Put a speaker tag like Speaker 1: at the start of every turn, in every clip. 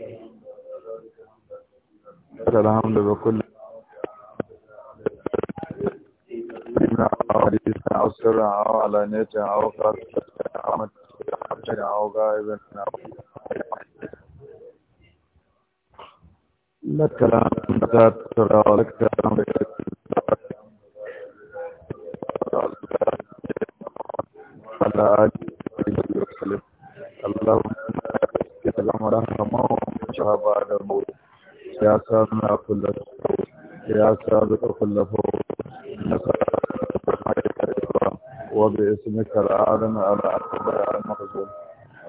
Speaker 1: لك
Speaker 2: الحمد بكل أو سرها أو علانيتها أو خاصة أو غائبا لك الحمد ترى ولك
Speaker 1: الحمد على آله
Speaker 2: بعد الموت يا سامع كل صوت يا سابق كل فوت وباسمك العالم على أكبر المخزون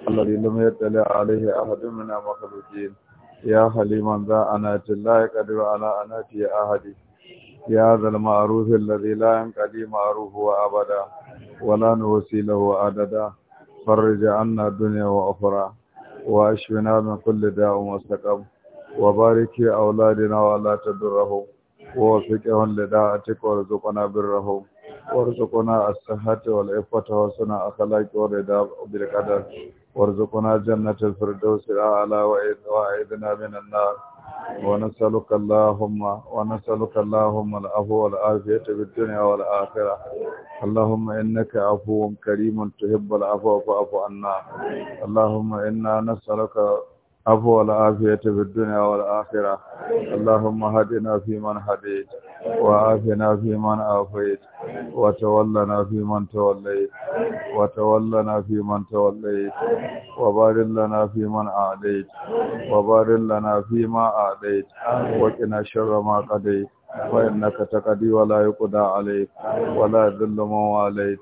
Speaker 2: الذي لم يطلع عليه أحد من المخلوقين يا حليما ذا أنات لا يقدر على أنات أحد يا ذا المعروف الذي لا ينقضي معروفه أبدا ولا نوصي له عددا فرج عنا الدنيا وأخرى wa ashirina min kulli da'un wa sakam wa bariki auladina wa la tadurahu wa wafiƙe wani da da'a cikin wani zukuna bin rahu wa zukuna a sahatu wa la'ifata wa suna a kalaƙi wani da birkadar wa zukuna jannatar firdausi a ala wa a yi zina minan na'a. ونسألك اللهم ونسألك اللهم العفو والعافية في الدنيا والآخرة اللهم إنك عفو كريم تحب العفو فاعف عنا اللهم إنا نسألك عفو والعافية في الدنيا والآخرة اللهم هدنا فيمن هديت
Speaker 1: وعافنا
Speaker 2: فيمن عافيت وتولنا فيمن توليت وتولنا فيمن توليت وبارك لنا فيمن أعديت وبارك لنا فيما أعديت وقنا شر ما قضيت فإنك تقضي ولا يقضى عليك ولا ذل من واليت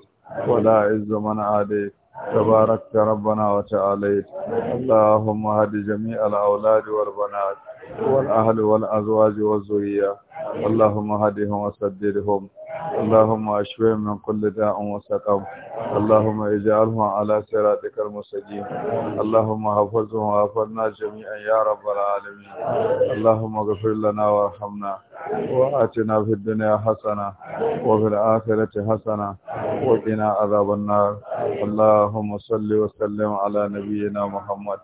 Speaker 2: ولا عز من عاديت تباركت ربنا وتعاليت اللهم هد جميع الأولاد والبنات والأهل والأزواج والزرية اللهم هدهم وسددهم اللهم اشفهم من كل داء وسقم اللهم اجعلهم على صراطك المستقيم اللهم احفظهم واحفظنا جميعا يا رب العالمين اللهم اغفر لنا وارحمنا واتنا في الدنيا حسنه وفي الاخره حسنه وقنا عذاب النار اللهم صل وسلم على نبينا محمد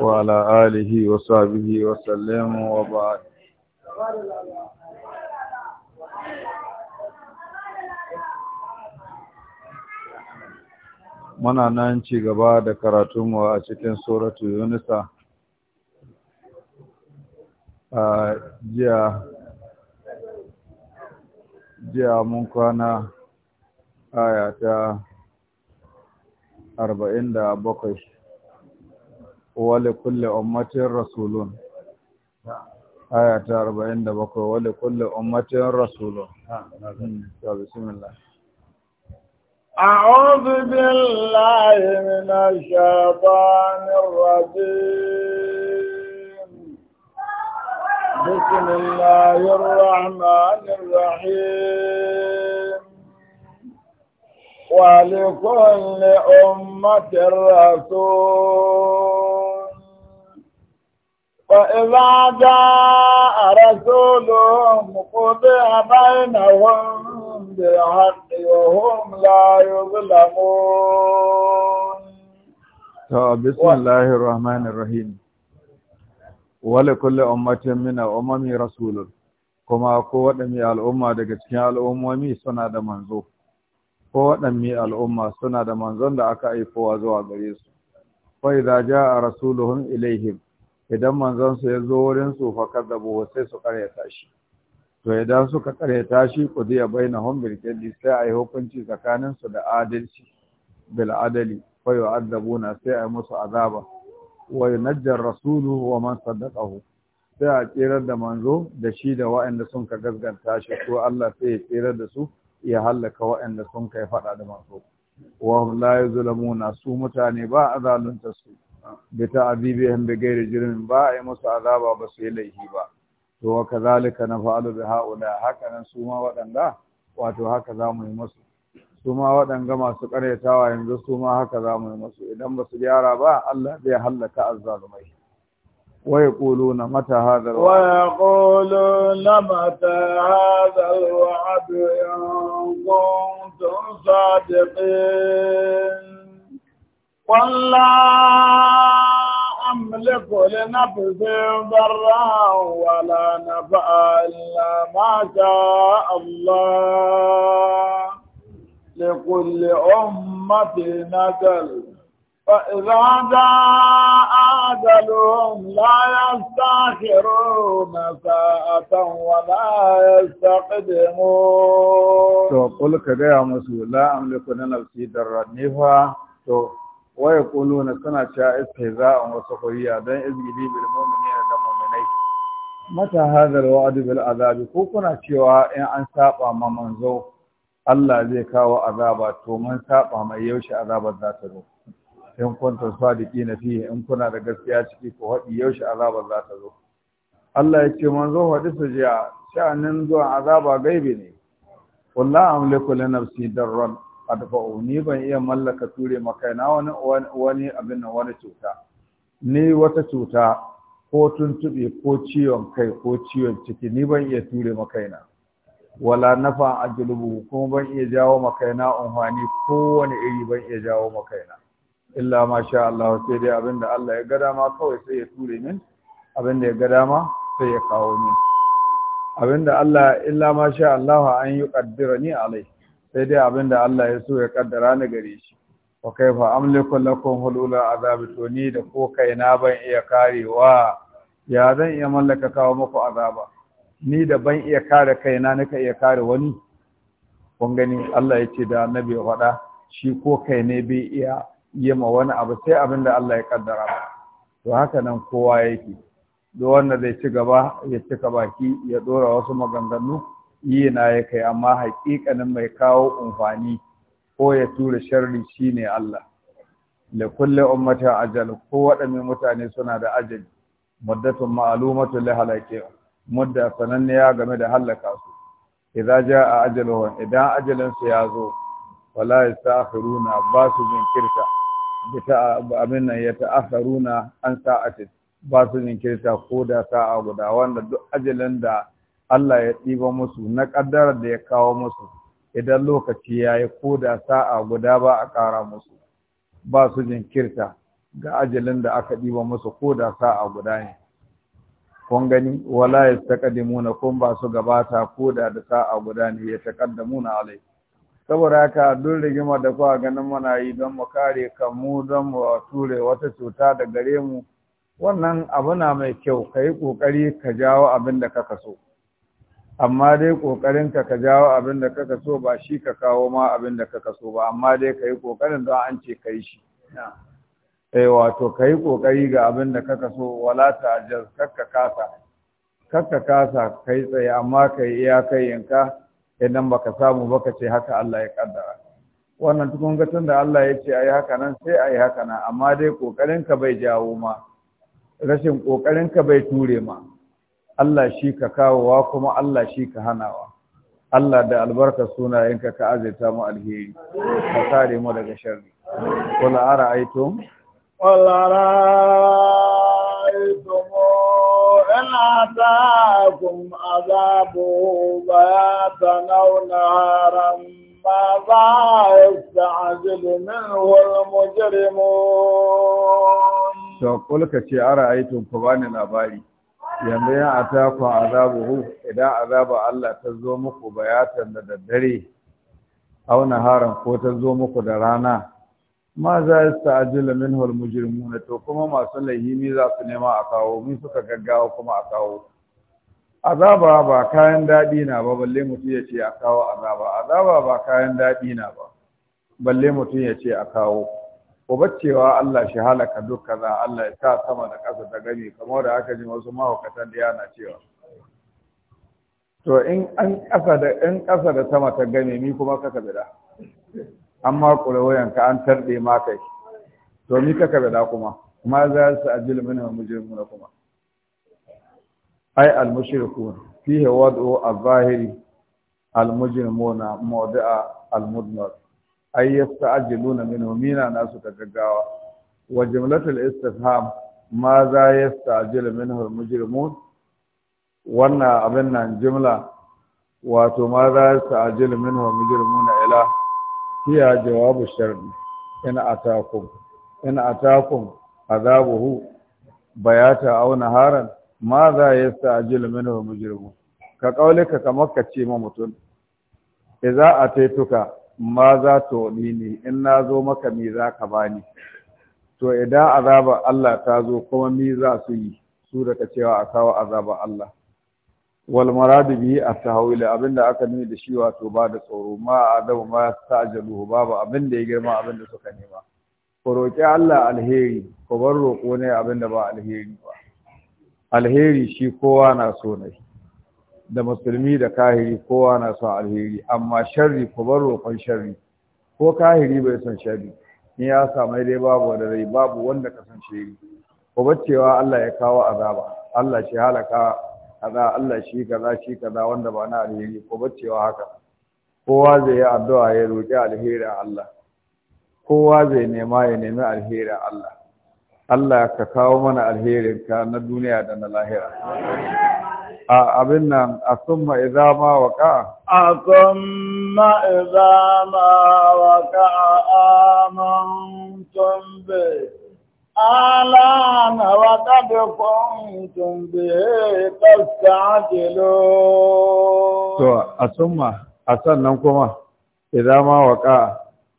Speaker 2: وعلى آله وصحبه وسلم وبعد muna nan ci gaba da karatunmu a cikin suratu yunusa a jiya jiya mun kwana aya ta arba'in da bakwai ولكل أمة رسول آية 40 بقول ولكل أمة رسول بسم الله
Speaker 3: أعوذ بالله من الشيطان الرجيم بسم الله الرحمن الرحيم ولكل أمة رسول وإذا جاء رسولهم قضي بينهم بالحق وهم لا يظلمون
Speaker 2: بسم الله الرحمن الرحيم ولكل أمة من أمم رسول kuma kowaɗanne al'umma daga cikin al'ummomi suna da manzo kowaɗanne al'umma suna da manzon da aka aikowa zuwa gare su fai da ja a rasuluhun ilaihim idan manzon su ya zo wurin su fa kadabu sai su karyata shi to idan suka karyata shi qudiya bainahum bil qadi sai a yi hukunci tsakanin su da adalci bil adali fa yu'adabuna sai ai musu azaba wa yunajjar rasuluhu wa man saddaqahu sai a tsirar da manzo da shi da waɗanda sun ka gaskanta shi ko Allah sai ya tsirar da su ya hallaka waɗanda sun kai faɗa da manzo wa la yuzlamuna su mutane ba azalunta su bi ta'adibihim bi ghairi jurmin ba a yi musu azaba ba su yi laifi ba to wa kazalika nafa'alu bi haula haka nan su ma waɗanda wato haka za mu yi musu su ma waɗanga masu ƙaryatawa yanzu su ma haka za mu yi musu
Speaker 3: idan ba su gyara ba Allah zai hallaka azzalumai
Speaker 2: wa yaquluna mata hadha wa
Speaker 3: yaquluna mata hadha al-wa'd in kuntum قل أملك لنفسي ضرا ولا نفع إلا ما شاء الله لكل أمة نزل فإذا جاء أجلهم لا يستأخرون ساعة ولا يستقدمون. to
Speaker 2: kul ka gaya musu la amliku na nafsi darra nifa waya na suna cewa iska istihza'an wa sukhriya dan izgili bil mu'minina da mu'minai mata hadal wa'd bil azabi ko kuna cewa in an saba ma manzo Allah zai kawo azaba to mun saba mai yaushe azabar za ta zo in kunta kuntum sadiqina fihi in kuna da gaskiya ciki ko haɗi yaushe azabar za ta zo Allah ya ce manzo hadisi sujiya sha'anin zuwa azaba gaibi ne wallahi amliku li nafsi darran adfa'u ni ban iya mallaka ture makaina wani wani abin nan wani cuta ni wata cuta ko tuntube ko ciwon kai ko ciwon ciki ni ban iya ture makaina wala nafa ajlubu kuma ban iya jawo makaina unhani ko wani iri ban iya jawo makaina illa ma sha Allah sai dai abinda Allah ya ga dama kawai sai ya ture min abinda ya ga dama sai ya kawo min abinda Allah illa ma sha Allah an yi kaddira ni alai sai dai abin da Allah ya so ya kaddara ni gare shi wa kaifa amliku lakum hulula azabi to ni da ko kaina ban iya karewa ya zan iya mallaka kawo muku azaba ni da ban iya kare kaina nika iya kare wani kun gani Allah ya ce da annabi ya faɗa shi ko kai ne bai iya yi ma wani abu sai abin da Allah ya kaddara ba to haka nan kowa yake duk wanda zai ci gaba ya cika baki ya dora wasu maganganu yi na ya kai amma haƙiƙanin mai kawo umfani ko ya tura sharri shine Allah da kulle ummata ajal ko waɗanne mutane suna da ajali muddatun ma'alumatu la halake mudda sananniya game da halaka su a jaa wani, idan ajalin ya zo wala yastakhiruna ba su jinkirta bita abin nan ya faruna an sa'atin ba su jinkirta ko da sa'a guda wanda duk ajalin da Allah ya ɗiba musu na ƙaddarar da ya kawo musu idan lokaci ya yi ko da sa'a guda ba a ƙara musu ba su jinkirta ga ajalin da aka ɗiba musu ko da sa'a guda ne kun gani wala ya taƙaddimuna kun ba su gabata ko da da sa'a guda ne ya taƙaddamuna alai saboda haka duk rigima da kuwa ganin muna yi don mu kare kanmu don mu ture wata cuta da gare mu wannan abu na mai kyau ka yi ƙoƙari ka jawo abin da ka so. amma dai kokarin ka ka jawo abin da kaka so ba shi ka kawo ma abin da kaka so ba amma dai ka yi kokarin don an ce ka yi shi eh wato ka yi kokari ga abin da kaka so wala ta ajaz kakka kasa kakka kasa kai tsaye amma ka yi iya kai yanka idan baka samu baka ce haka Allah ya kaddara wannan tukun gatan da Allah ya ce ayi haka nan sai ayi haka nan amma dai kokarin ka bai jawo ma rashin kokarin ka bai ture ma Allah shi ka kawowa kuma Allah shi ka hanawa Allah da albarka sunayenka ka azaita mu alheri ka kare mu daga sharri ara aito mu,
Speaker 3: ara'aytum ta ataakum azabu ta bayatan aw naharan ماذا يستعجل منه المجرمون
Speaker 2: to kulka ce ara aito ku bani labari yanzu ya ataku azabuhu idan azaba Allah ta zo muku bayatan da daddare auna haran ko ta zo muku da rana ma za yasta'jilu minhu almujrimuna to kuma masu lahimi za su nema a kawo mun suka gaggawa kuma a kawo azaba ba kayan daɗi na ba balle mutum ya ce a kawo azaba azaba ba kayan dadi na ba balle mutum ya ce a kawo cewa Allah shi halaka duk kaza Allah ya sa sama da ƙasa ta gani kamar da aka ji wasu mahaukatan da yana cewa to in an ƙasa da in ƙasa da sama ta gani, ni kuma kaka bida amma kula ka an tarde ma kai to ni kaka bida kuma ma za su ajil min muna kuma ai al mushrikun fihi wad'u al zahiri al mujrimuna mawdi'a al mudnar ay yasta'jiluna minhu mina nasu ta gaggawa wa jumlatul istifham ma za yasta'jilu minhu al-mujrimun wannan abin nan jumla wato ma za yasta'jilu minhu al-mujrimun ila hiya jawabu sharri in atakum in atakum azabuhu bayata aw naharan ma za yasta'jilu minhu al-mujrimun ka kaulika kamar ka ce ma mutum idza taituka. ma za ta waɗi ne in na zo maka me za ka bani to idan azabar Allah ta zo kuma me za su yi su da ka cewa a kawo azabar Allah wal maradu a at abinda aka nuna da shi wato ba da tsoro ma adamu ma ta'jalu babu abinda ya girma abinda suka nema ku roƙi Allah alheri ku bar roko ne abinda ba alheri ba alheri shi kowa na so ne da musulmi da kahiri kowa na son alheri amma sharri ku bar roƙon sharri ko kahiri bai son sharri in ya samu dai babu wanda rai babu wanda ka san shi ku bar cewa Allah ya kawo azaba Allah shi halaka kaza Allah shi kaza shi kaza wanda ba na alheri ku bar cewa haka kowa zai yi addu'a ya roƙi alheri a Allah kowa zai nema ya nemi alheri Allah Allah ka kawo mana alherinka na duniya da na
Speaker 1: lahira
Speaker 2: abin nan a sun idza ma
Speaker 3: waqa a summa idza ma waqa be bi na wa tun be bi jelo
Speaker 1: to
Speaker 2: a ma a sannan kuma idza ma waqa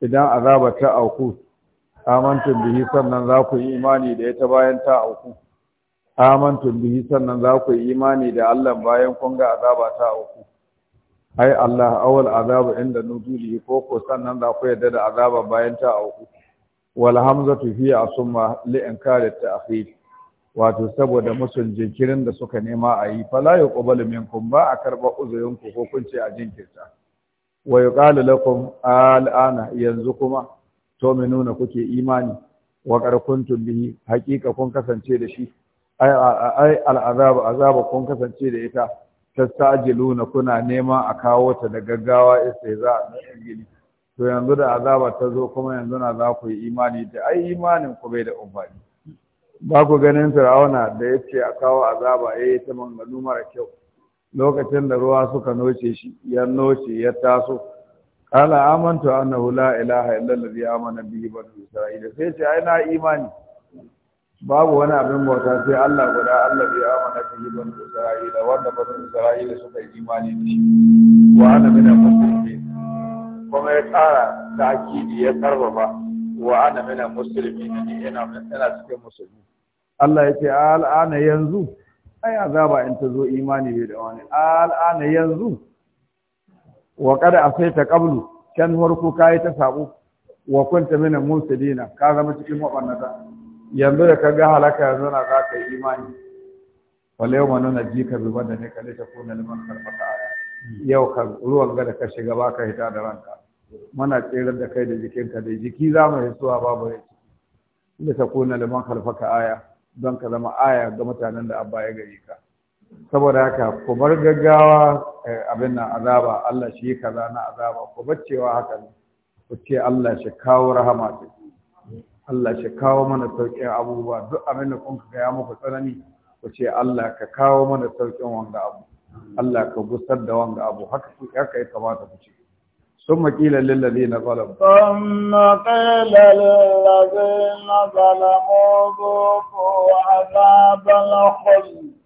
Speaker 2: idan azaba ta auku tun bihi sannan za ku yi imani da ita bayan ta auku amantum bihi sannan za ku yi imani da Allah bayan kun ga azaba ta uku ai Allah awal azabu inda nuzuli ko ko sannan za ku yarda da azaba bayan ta uku wal hamzatu fi asumma li inkari ta'khir wato saboda musun jinkirin da suka nema a yi fala yuqbalu minkum ba a karba uzurin ku ko kun ce a jinkirta wa yuqalu lakum al'ana yanzu kuma to nuna kuke imani wa kun bihi haqiqa kun kasance da shi ai al'azaba azaba kun kasance da ita tasajiluna kuna nema a kawo ta da gaggawa a na gini. to yanzu da azaba ta zo kuma yanzu na za ku yi imani da ai imanin ku bai da umfani ba ku ganin fir'auna da ya ce a kawo azaba ya eh, ta manganu mara kyau lokacin da ruwa suka noce shi ya noce ya taso qala amantu annahu la ilaha illa allazi amana bihi banu isra'ila sai ce ai na imani babu wani abin bauta sai Allah guda Allah bai amana bihi ban Isra'ila wanda ban Isra'ila suka yi imani ne
Speaker 1: wa ana min al-muslimin
Speaker 2: kuma ya tsara akidi ya karfafa wa ana min al-muslimin ni ina ina cikin musulmi Allah ya ce al'ana yanzu ai azaba in ta zo imani bai da wani al'ana yanzu wa kada asaita qablu kan farko kai ta sabu wa kunta min al-muslimin ka zama cikin mabannata yanzu da ka ga halaka yanzu na za ka yi imani wale yau manu na jika bi wanda ne kalli ta kuna liman karfaka hmm. yau ka ruwan gada ka shiga ba ka hita da ranka muna tserar da kai da jikinka dai jiki za mu hisuwa babu rai da ta kuna liman karfaka aya don ka zama aya ga mutanen da abba ya gari ka saboda haka ku bar gaggawa eh, abin nan azaba Allah shi kaza na azaba ku bar cewa haka ku ce Allah shi kawo rahama ce Allah shi kawo mana sauƙin abubuwa duk abin da kun ga ya muku tsanani ku ce Allah ka kawo mana sauƙin wanga abu Allah ka gusar da wanga abu
Speaker 3: haka ku ya kamata ku ce
Speaker 2: ثم قيل للذين ظلموا
Speaker 3: ثم قيل للذين ظلموا ذوقوا عذاب الخلد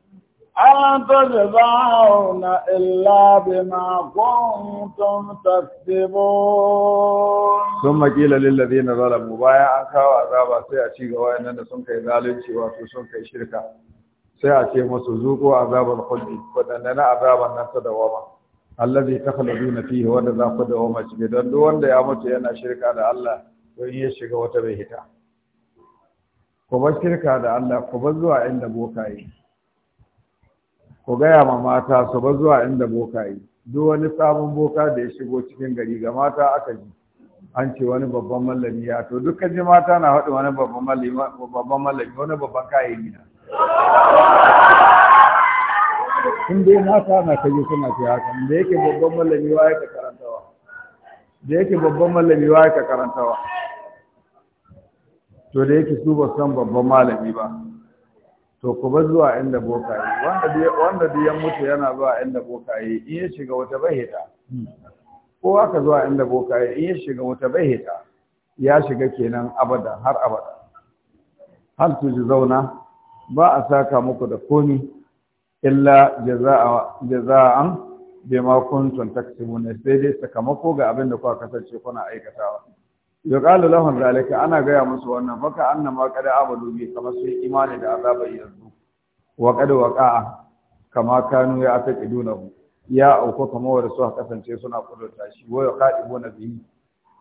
Speaker 3: تجزعون إلا بما كنتم تكسبون
Speaker 2: ثم قيل للذين ظلموا بايا أنك كاوا سيأتي sai a ci gaba yanda sun kai zalunci wato sun kai shirka sai a ce musu zuko azabal khuldi wadanda na azaban nan ta dawama allazi takhluduna fihi ku duk wanda ya mutu yana shirka da Allah shiga wata bai hita ku bar shirka da Allah ku bar zuwa inda boka bokaye ku gaya ma mata su ba zuwa inda boka yi duk wani sabon boka da ya shigo cikin gari ga mata aka ji an ce wani babban mallami ya to dukkan ji mata na haɗu wani babban mallami wani babban kayayyaki na in dai mata na kaji suna ce haka da yake babban mallami wa ya ka karantawa da yake babban mallami wa ya ka karantawa to da yake su ba san babban malami ba to ku bar zuwa inda bokaye wanda duk ya mutu yana zuwa inda bokaye in ya shiga wata bahita ko aka zuwa inda bokaye in ya shiga wata bahita ya shiga kenan abada har abada har ji zauna ba a saka muku da komi illa jaza'an bima kuntum taksibun sai dai sakamako ga abin da kuka kasance kuna aikatawa yuqalu lahum zalika ana gaya musu wannan faka annama qad abadu bi kamar sun imani da azaba yanzu
Speaker 3: wa qad waqa'a
Speaker 2: kama kanu ya ataqidunahu ya auko kama wanda su kasance suna kudurta shi wa yuqadibuna bihi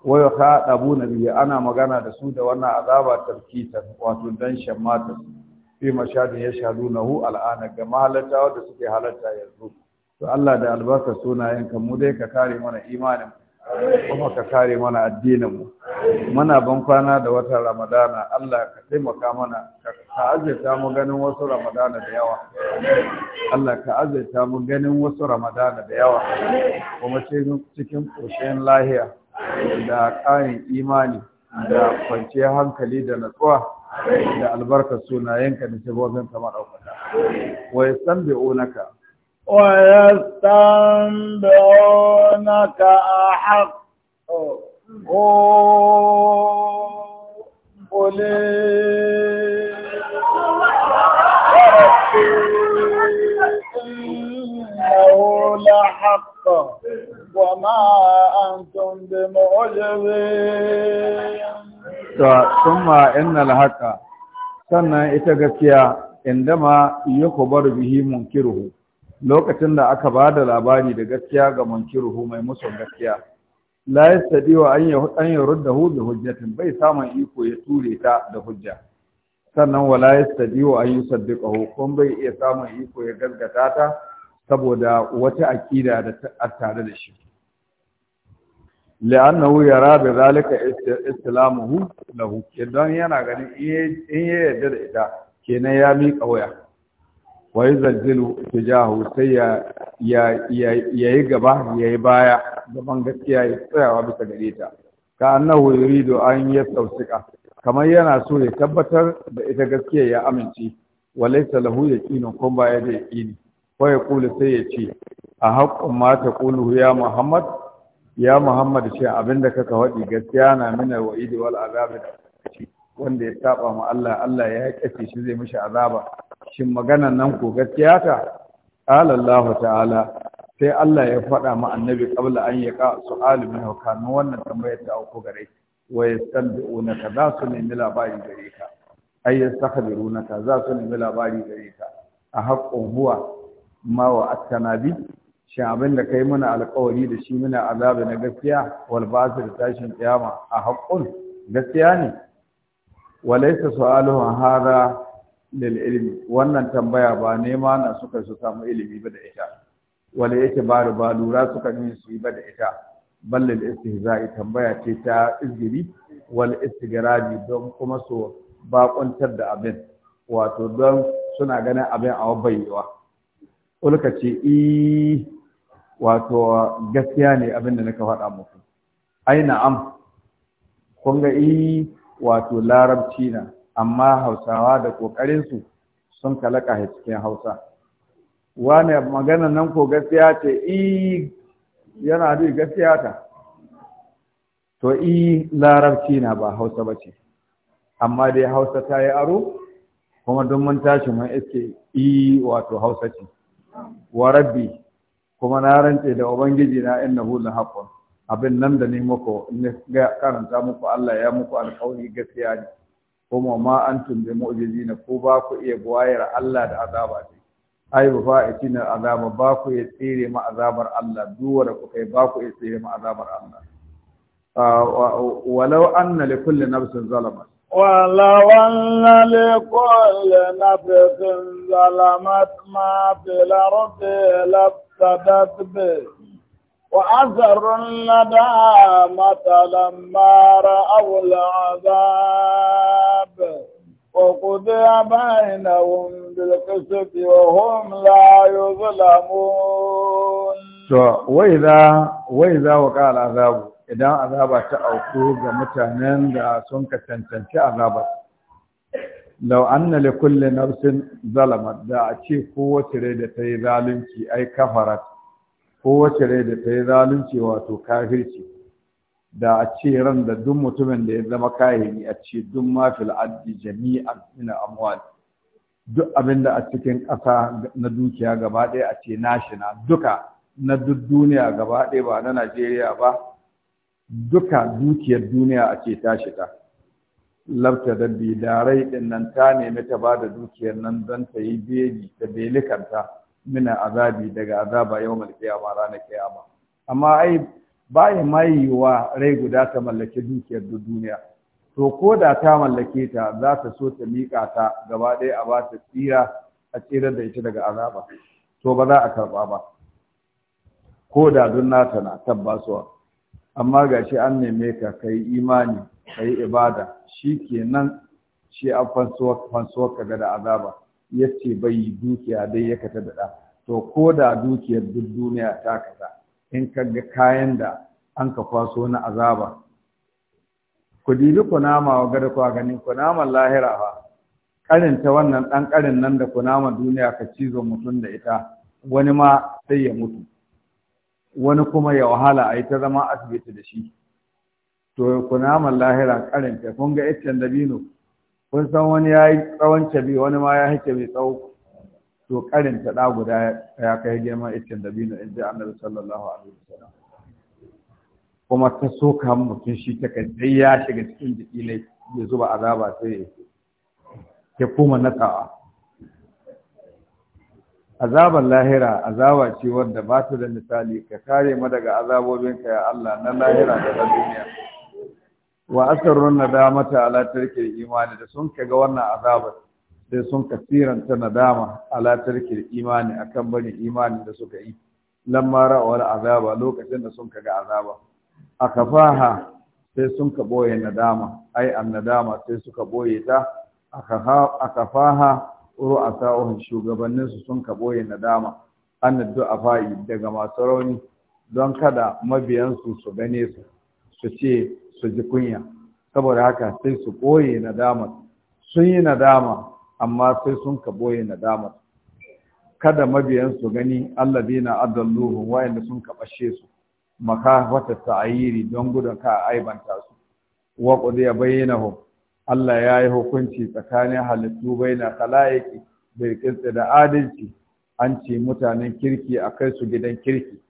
Speaker 2: wa ana magana da su da wannan azaba tarkita wato dan shammata fi mashadin yashadunahu al'ana ga mahalarta da suke halarta yanzu to Allah da albarka sunayen kan mu dai ka kare mana imanin kuma ka kare mana addininmu muna ban kwana da watan ramadana Allah ka taimaka mana ka azaita mu ganin wasu ramadana da yawa Allah ka azaita mu ganin wasu ramadana da yawa kuma cikin ƙoshin lahiya da ƙarin imani da kwanciyar hankali da natsuwa da albarkar sunayenka da ta maɗaukata wai san naka.
Speaker 3: ويستنبعونك أحق إنه لحق وما أنتم بمعجبين
Speaker 2: ثم إن الحق sannan إتقتيا عندما يخبر به منكره lokacin da aka ba da labari da gaskiya ga munkiruhu mai musu gaskiya la wa an ya an hu bi hujjatin bai samun iko ya ture ta da hujja sannan wala wa an yusaddiqahu kun bai iya samun iko ya gaskata ta saboda wata akida da ta tare da shi la'annahu yara bi zalika istilamuhu lahu idan yana ganin in ya yarda da ita kenan ya miƙa waya wa yuzalzilu tijahu sai ya ya yayi gaba yayi baya gaban gaskiya ya tsayawa bisa gare ta ka annahu yuridu an yastawsika kamar yana so ya tabbatar da ita gaskiya ya amince walaysa lahu yaqinu kun ba ya da yaqini wa yaqulu sai ya ce a haqqun ma taqulu ya muhammad ya muhammad shi abinda kaka wadi gaskiya na mina wa'idi wal azab wanda ya saba ma Allah Allah ya kace shi zai mishi azaba shin maganan nan ko gaskiya ta alallahu ta'ala sai Allah ya faɗa ma annabi qabla an ka su'alu min hukanu wannan tambayar ta auko gare wa yastanbi'una ka za su nemi labari gare ka ay na ka za su nemi labari gare ka a haqqun huwa ma wa attana bi shin abin da kai muna alƙawari da shi muna azabi na gaskiya wal basir tashin kiyama a haqqun gaskiya ne walaysa su'aluhu hadha lil ilmi wannan tambaya ba nema na suka su samu ilimi ba da ita wala yake ba ba lura suka yi su yi ba da ita ballal istihza'i tambaya ce ta izgiri wal istigradi don kuma su bakuntar da abin wato don suna ganin abin a wabayewa ulka ce i wato gaskiya ne abin da naka faɗa muku ai na'am kun ga i wato larabci na amma hausawa da ƙoƙarinsu sun kalaka cikin hausa wane magana nan ko gaskiya ce i yana da gaskiya ta to i larabci na ba hausa ba ce amma dai hausa ta yi aro kuma don mun tashi mun iske i wato hausa ce wa rabbi kuma na rantse da ubangiji na innahu lahaqqun abin nan da ni muku karanta muku Allah ya muku alƙawari gaskiya ne kuma ma an antum mu'jizi na ko ba ku iya buwayar Allah da azaba ce ai ba fa itina azaba ba ku iya tsire ma azabar Allah duwar
Speaker 3: ku kai ba ku iya tsire ma azabar Allah
Speaker 2: ah, walau anna li kulli nafsin zalamat
Speaker 3: ولو أن لكل نفس ظلمت ما في الأرض لافتدت به وأثروا الندامة لما رأوا العذاب وقضي بينهم بالقسط وهم لا يظلمون to
Speaker 2: waiza waiza wa qala azabu idan azaba ta auku ga mutanen da sun ka cancanci azaba law anna li kulli nafsin zalamat da a ce ko rai da ta yi zalunci ai kafarat kowace rai da ta yi zalunci wato kafirci da a ce ran da duk mutumin da ya zama kayayi a ce duk mafil addi jami'an ina amwal duk abin da a cikin ƙasa na dukiya gaba ɗaya a ce nashi na duka na duk duniya gaba ɗaya ba na Najeriya ba duka dukiyar duniya a ce ta shiga labta da bidarai ɗin nan ta nemi ta ba da dukiyar nan don ta yi beli ta belikanta mina azabi daga azaba yau yawmal qiyama ranar qiyama amma ai ba yi mai yiwa rai guda ta mallake dukiyar duniya to ko da ta mallake ta za ta so ta miƙa ta gaba ɗaya a ba ta tsira a tsira da ita daga azaba to ba za a karɓa ba ko da don nata na tabbasuwa amma ga shi an neme ka ka yi imani ka yi ibada shi kenan shi an fansuwa ka ga da azaba ya ce bai yi dukiya dai ya kata daɗa to ko da dukiyar duk duniya ta kasa in ka ga kayan da an ka kwaso na azaba ku dibi kunama wa gada kwa ganin kunaman lahira fa karinta wannan ɗan karin nan da kunama duniya ka cizo mutum da ita wani ma sai ya mutu wani kuma ya wahala a yi ta zama asibiti da shi to kunaman lahira ta kun ga iccen dabino kun san wani ya yi tsawon cabi wani ma ya hake mai tsawo to karin ta da guda ya kai girman iccen dabino in ji annabi sallallahu alaihi wasallam kuma ta soka mutum shi ta kai sai ya shiga cikin jiki ne ya zuba azaba sai ya koma natsawa azabar lahira azaba ce wadda ba ta da misali ka kare mu daga azabobinka ya Allah na lahira da na duniya wa asarrun nadamata ala tarkil imani da sun kaga wannan azaba sai sun kasiranta nadama ala tarkil imani akan bane imani da suka yi lamma ra'awal azaba lokacin da sun kaga azaba akafaha sai sun ka boye nadama ai an nadama sai suka boye ta a ru'asa'uhum shugabannin su sun ka boye nadama an afa'i, daga masu rauni don kada mabiyansu su gane su su ce su ji kunya saboda haka sai su ɓoye nadamar sun yi nadama amma sai sun ka ɓoye nadamar kada mabiyan su gani allazina adalluhu wa'anda sun kabashe su wata ta'ayiri don gudun ka aibanta su wa ya bayyinahu Allah ya yi hukunci tsakanin halittu baina khalaiqi bil qisti da adalci an ce mutanen kirki a kai su gidan kirki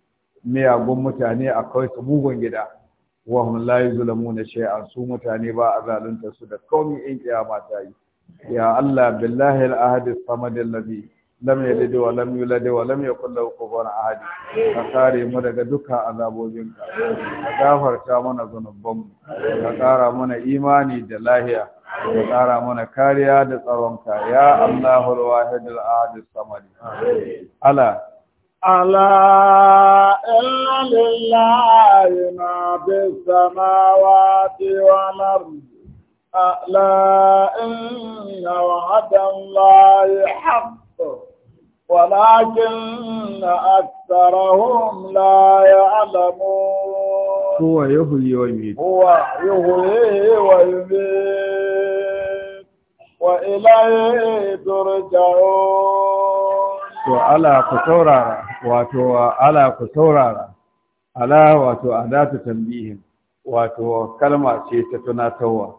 Speaker 2: miyagun mutane a kai su mugun gida wa hum la yuzlamuna shay'an su mutane ba a zalunta su da komai in kiyama ta yi ya Allah billahi al-ahad as-samad alladhi lam yalid wa lam yulad wa lam yakul lahu kufuwan ahad ka kare mu daga duka azabobinka ka gafarta mana zunubanmu ka kara mana imani da lahiya ka kara mana kariya da tsaronka ya Allahul wahid al-ahad as-samad ala ألا
Speaker 3: إلا لله ما في السماوات والأرض ألا إن وعد الله حق ولكن أكثرهم لا يعلمون
Speaker 2: هو يهوي ويميت
Speaker 3: هو يهوي ويميت وإليه ترجعون وعلى
Speaker 2: فكورة wato ala ku saurara ala wato ta tambihin wato kalma ce ta tunatarwa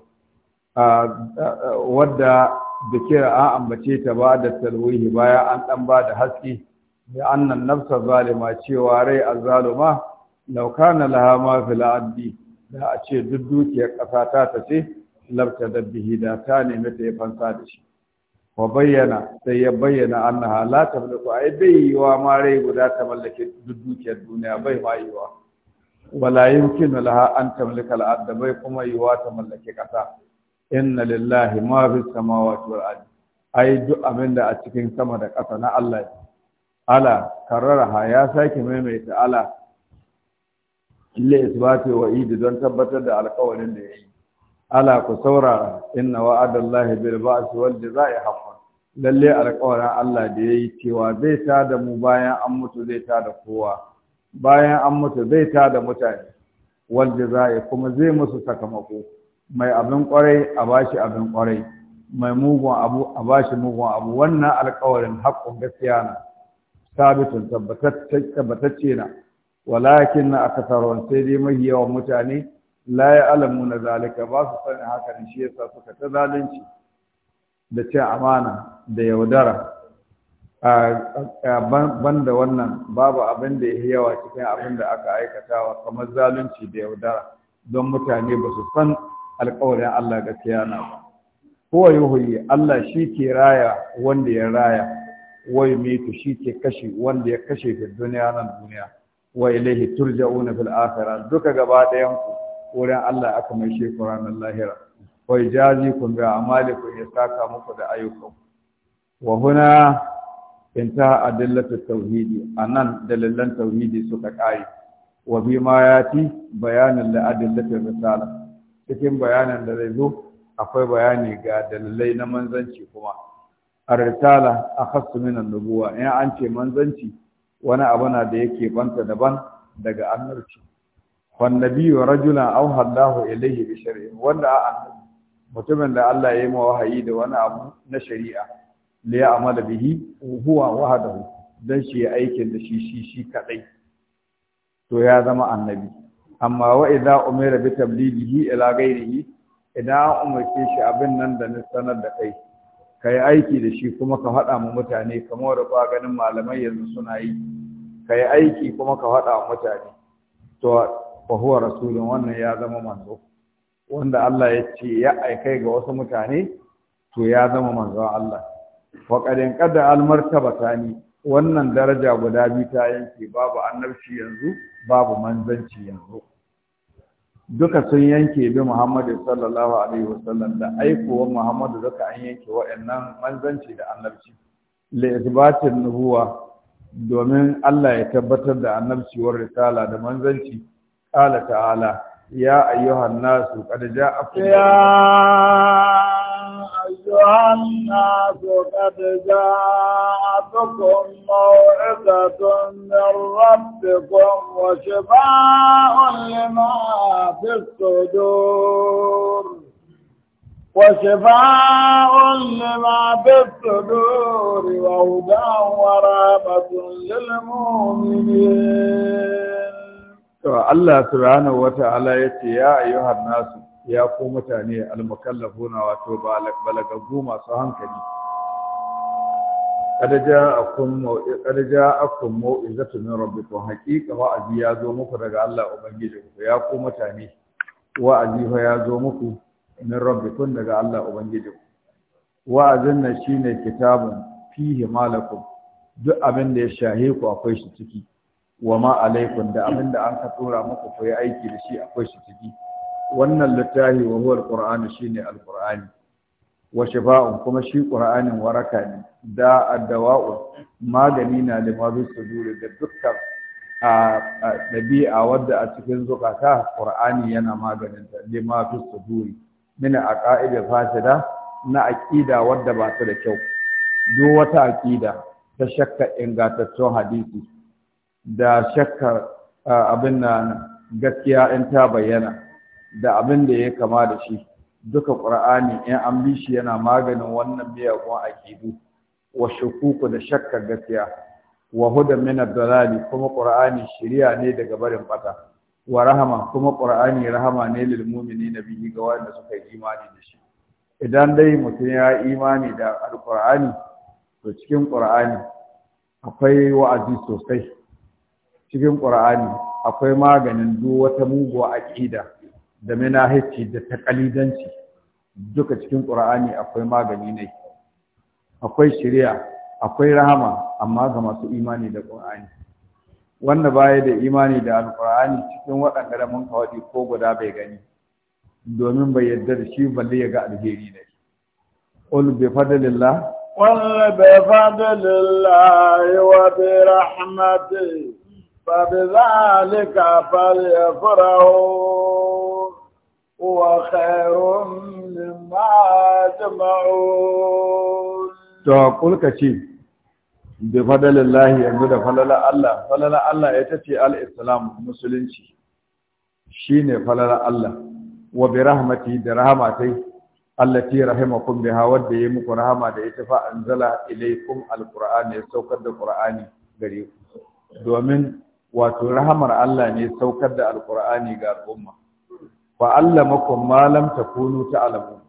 Speaker 2: wadda da bikira an ambace ta ba da talwihi bayan an dan ba da haske da annan nafsa zalima cewa rai azzaluma law kana laha ma fil addi da a ce duk dukiyar ƙasa ta ta ce labta da da ta nemi ta yi fansa da shi wa bayyana sai ya bayyana annaha la tamliku ai bai yiwa ma rai guda ta mallake dukiyar duniya bai ma yiwa wala yumkinu laha an tamlika al'adda bai kuma yiwa ta mallake kasa inna lillahi ma fi samawati wal ai duk abinda a cikin sama da kasa na Allah ne ala kararha ya sake maimaita ala illa isbati wa idi don tabbatar da alƙawarin da yayi ala ku saurara inna wa'adallahi bil ba'si wal jazaa'i haqqan lalle alƙawarin Allah da yayi cewa zai da mu bayan an mutu zai ta da kowa bayan an mutu zai ta da mutane wal jazaa'i kuma zai musu sakamako mai abin kwarai a bashi abin kwarai mai mugun abu a bashi mugun abu wannan alƙawarin haƙƙun gaskiya na sabitun tabbatacce na walakin na aka sai dai mahi yawan mutane la ya alamu na zalika ba su sani haka ne shi yasa suka ta zalunci da ce amana da yaudara ban da wannan babu abin da ya yawa cikin abin da aka aikatawa kamar zalunci da yaudara don mutane ba su san alkawarin Allah gaskiya na ba kowa yuhuyi Allah shi ke raya wanda ya raya wai mitu shi ke kashe wanda ya kashe fi duniya nan duniya wa ilaihi turja'una fil akhirah duka gaba ɗayan ku wurin Allah aka mai shi ranar lahira wai jazi kun ga amaliku ya saka muku da ayyukan wa huna inta adillatu tauhidi anan dalilan tauhidi suka kai wa bi ma yati bayanin da adillatu risala cikin bayanin da zai zo akwai bayani ga dalilai na manzanci kuma A risala akhassu min an-nubuwa in an ce manzanci wani abu na da yake banta daban daga annabci wan nabiyyu rajulan aw hadahu ilayhi bi shar'i wanda a annabi mutumin da Allah ya yi ma wahayi da wani abu na shari'a li ya'mala bihi huwa wahadahu dan shi aikin da shi shi shi kadai to ya zama annabi amma wa idza umira bi tablighihi ila ghairihi idan an umarce shi abin nan da na sanar da kai ka yi aiki da shi kuma ka faɗa ma mutane kamar da ba ganin malamai yanzu suna yi ka yi aiki kuma ka faɗa wa mutane to wa huwa rasulun wannan ya zama manzo wanda Allah ya ce ya aikai ga wasu mutane to ya zama manzo Allah wa qadin qada al martabatani wannan daraja guda biyu ta yanke babu annabci yanzu babu manzanci yanzu duka sun yanke bi Muhammadu sallallahu alaihi wasallam da aikowar Muhammadu duka an yanke wa'annan manzanci da annabci li isbatin nubuwa domin Allah ya tabbatar da annabciwar risala da manzanci قال تعالى يا أيها الناس قد جاءكم يا
Speaker 3: أيها الناس قد جاءتكم موعظة من ربكم وشفاء لما في الصدور وشفاء لما في الصدور وهدى ورابة للمؤمنين
Speaker 2: to Allah subhanahu wata ala ya ayyuhan nasu ya ko mutane almukallafuna wato balagaggu masu hankali kada ja'akum mau'izatu min rabbikum haƙiƙa wa'azi ya zo muku daga Allah ubangijinku ya ko mutane wa'azi fa ya zo muku min rabbikum daga Allah ubangijinku wa'azin nan shine kitabun fihi malakum duk abin da ya shahe ku akwai shi ciki wa ma da abin da an ka tura muku ku yi aiki da shi akwai shi ciki wannan littafi wa huwa shine alqur'ani wa shifa'un kuma shi qur'anin waraka ne da addawa'u magani na da ma da dukkan a dabi'a wadda a cikin zukata qur'ani yana maganin ta da ma fi suduri min aqaida fasida na aqida wadda ba ta da kyau duk wata aqida ta shakka ingantaccen hadisi da shakkar abin na gaskiya in ta bayyana da abin da ya kama da shi duka ƙur'ani in an bi shi yana maganin wannan miyagun aƙidu wa shukuku da shakkar gaskiya wa hudan min dalali kuma ƙur'ani shiriya ne daga barin bata wa rahama kuma ƙur'ani rahama ne lil mu'minina bihi ga wanda suka yi imani da shi idan dai mutum ya imani da alƙur'ani to cikin ƙur'ani akwai wa'azi sosai cikin ƙur'ani akwai maganin duk wata muguwa aƙida da minahici da taƙalidanci duka cikin ƙur'ani akwai magani ne akwai shari'a akwai rahama amma ga masu imani da ƙur'ani wanda baya da imani da alƙur'ani cikin waɗanda da mun waɗi ko guda bai gani domin bai yarda da shi balle ya ga alheri ne qul bi fadlillah
Speaker 3: qul bi fadlillah wa bi rahmatihi فبذلك فليفرحوا هو خير مما
Speaker 2: يجمعون to kulka ce bi fadalillahi yanzu da falala Allah falalar Allah ita ce al-islam musulunci shine falalar Allah wa bi rahmati da rahmatai allati rahimakum biha wadda yayi muku rahama da ita fa anzala ilaykum al-qur'an ya saukar da ƙur'ani gare ku domin wato rahamar Allah ne saukar da alkur'ani ga al'umma fa malam ma lam takunu ta'lamun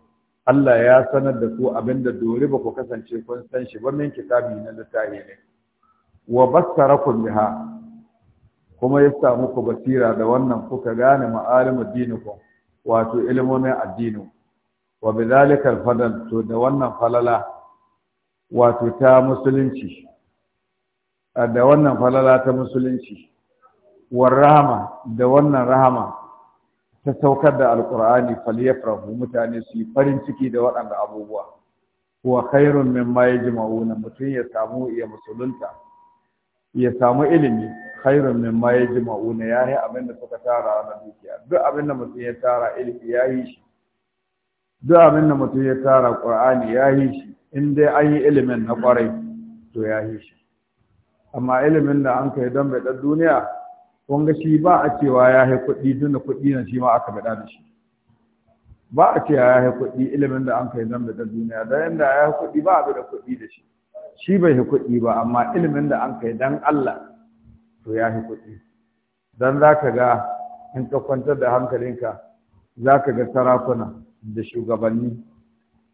Speaker 2: Allah ya sanar da ku abinda dore ba ku kasance kun san shi ba min kitabi na littafi ne wa basarakum biha kuma ya sa muku basira da wannan kuka gane ma'alimu dinikum wato ilmomin addini wa bidhalika al-fadl to da wannan falala wato ta musulunci da wannan falala ta musulunci war rahama da wannan rahama ta saukar da alqur'ani falyafrahu mutane su yi farin ciki da waɗanda abubuwa wa khairun mimma na mutum ya samu ya musulunta ya samu ilimi khairun mimma yajma'una yayi abin da suka tara na dukiya duk abin da mutum ya tara ilimi yayi shi duk abin da mutum ya tara qur'ani yayi shi in dai an yi ilimin na kwarai to yayi shi amma ilimin da an kai don dan duniya kun ga shi ba a cewa ya yi kuɗi tun da kuɗi na shi ma aka baiɗa da shi ba a cewa ya yi kuɗi ilimin da an kai don dan duniya don yadda ya yi kuɗi ba a bada kuɗi da shi shi bai yi kuɗi ba amma ilimin da an kai don Allah to ya yi kuɗi don za ka ga in ka kwantar da hankalinka za ka ga sarakuna da shugabanni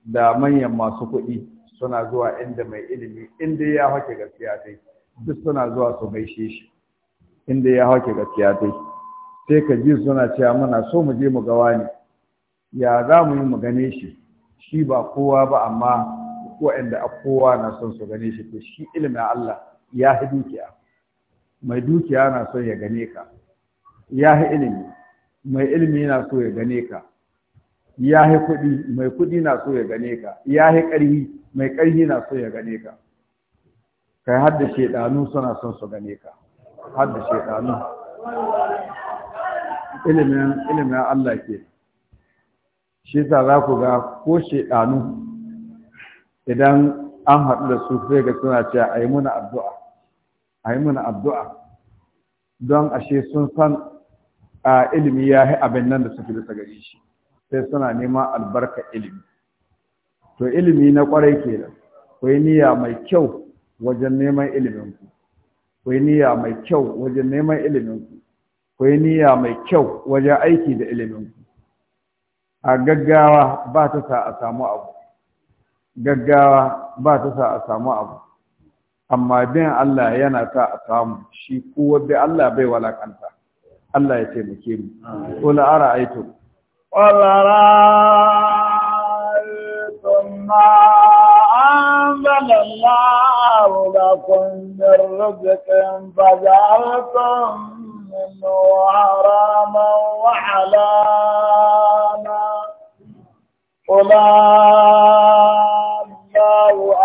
Speaker 2: da manyan masu kuɗi suna zuwa inda mai ilimi inda ya hake gaskiya dai duk suna zuwa su gaishe shi inda ya hauke gaskiya dai sai ka ji suna cewa muna so mu je mu ga wani ya za mu yi mu gane shi shi ba kowa ba amma waɗanda a kowa na son su gane shi to shi ilimin Allah ya fi dukiya mai dukiya na son ya gane ka ya fi ilimi mai ilimi na so ya gane ka ya fi kuɗi mai kuɗi na so ya gane ka ya fi ƙarfi mai ƙarfi na so ya gane ka kai har da shaidanu suna son su gane ka har da shaidanu ilimin Allah ke shi sa za ku ga ko shaidanu idan an haɗu da su sai ga suna cewa ayi muna addu'a ayi muna addu'a don ashe sun san a ilimi ya yi abin nan da suke da gare shi sai suna neman albarka ilimi to ilimi na kwarai ke da yi niyya mai kyau wajen neman ilimin ku ku yi niyya mai kyau wajen neman ilimin ku ku yi niyya mai kyau wajen aiki da ilimin a gaggawa ba ta sa a samu abu gaggawa ba ta sa a samu abu amma bin Allah yana sa a samu shi kuwa bi Allah bai walakanta Allah ya taimake mu qul ara'aytum qul
Speaker 3: ara'aytum ma anzala رزقناكم من رزق فجعلتم منه حراما وحلالا قل الله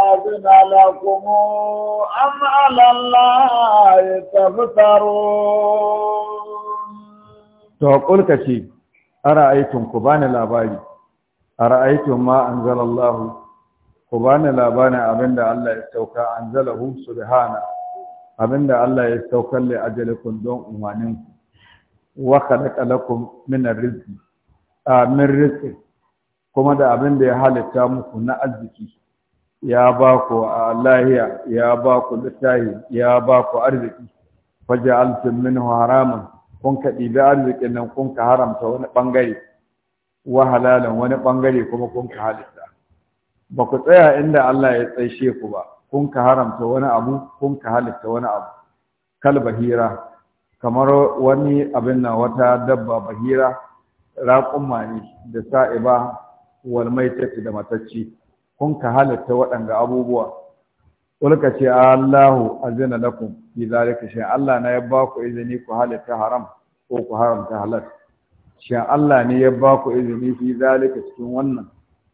Speaker 3: أذن لكم أم على الله تفترون
Speaker 2: To, ƙulka ce, a ra'aitun ku ba ni labari, a ra'aitun ma an zalallahu ku bani labarin abinda Allah ya sauka da Hana, abinda Allah ya saukar li ajalikum don umarnin ku wa kalakun minar rizki rizqi min rizqi kuma da abinda ya halitta muku na arziki ya ba ku lahiya ya ba ku littahi ya ba ku arziki faja'altum min haraman kun ka ɗibi arzikin nan kun ka haramta wani bangare wa halalan wani bangare kuma kun ka halitta ba ku tsaya inda Allah ya tsaishe ku ba kun ka haramta wani abu kun ka halitta wani abu kal bahira kamar wani abin na wata dabba bahira raƙumma ne da sa'iba wal maitati da matacci kun ka halitta waɗanda abubuwa Ulka ce Allahu azina lakum fi zalika shay Allah na ya ba ku izini ku halitta haram ko ku haramta halal Shin Allah ne ya ba ku izini fi zalika cikin wannan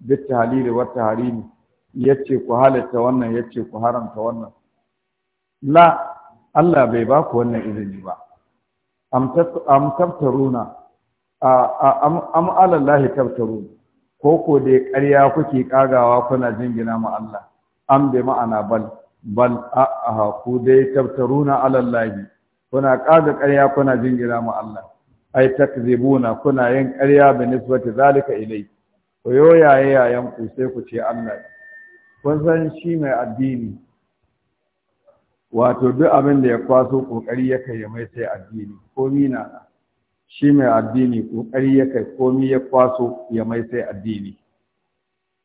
Speaker 2: bit tahlili wa ya ce ku halitta wannan ya ce ku haranta wannan la Allah bai ba ku wannan izini ba am tabtaruna am alallahi tabtaruna ko ko dai karya kuke kagawa kuna jingina ma Allah am bi ma'ana bal bal a'a ku dai tabtaruna alallahi kuna kaga karya kuna jingina ma Allah ai takzibuna kuna yin ƙarya bi nisbati zalika ilai Koyo yaye yayan ku sai ku ce Allah kun san shi mai addini wato duk abin da ya kwaso kokari ya kai mai sai addini komi na shi mai addini kokari ya kai komi ya kwaso ya mai sai addini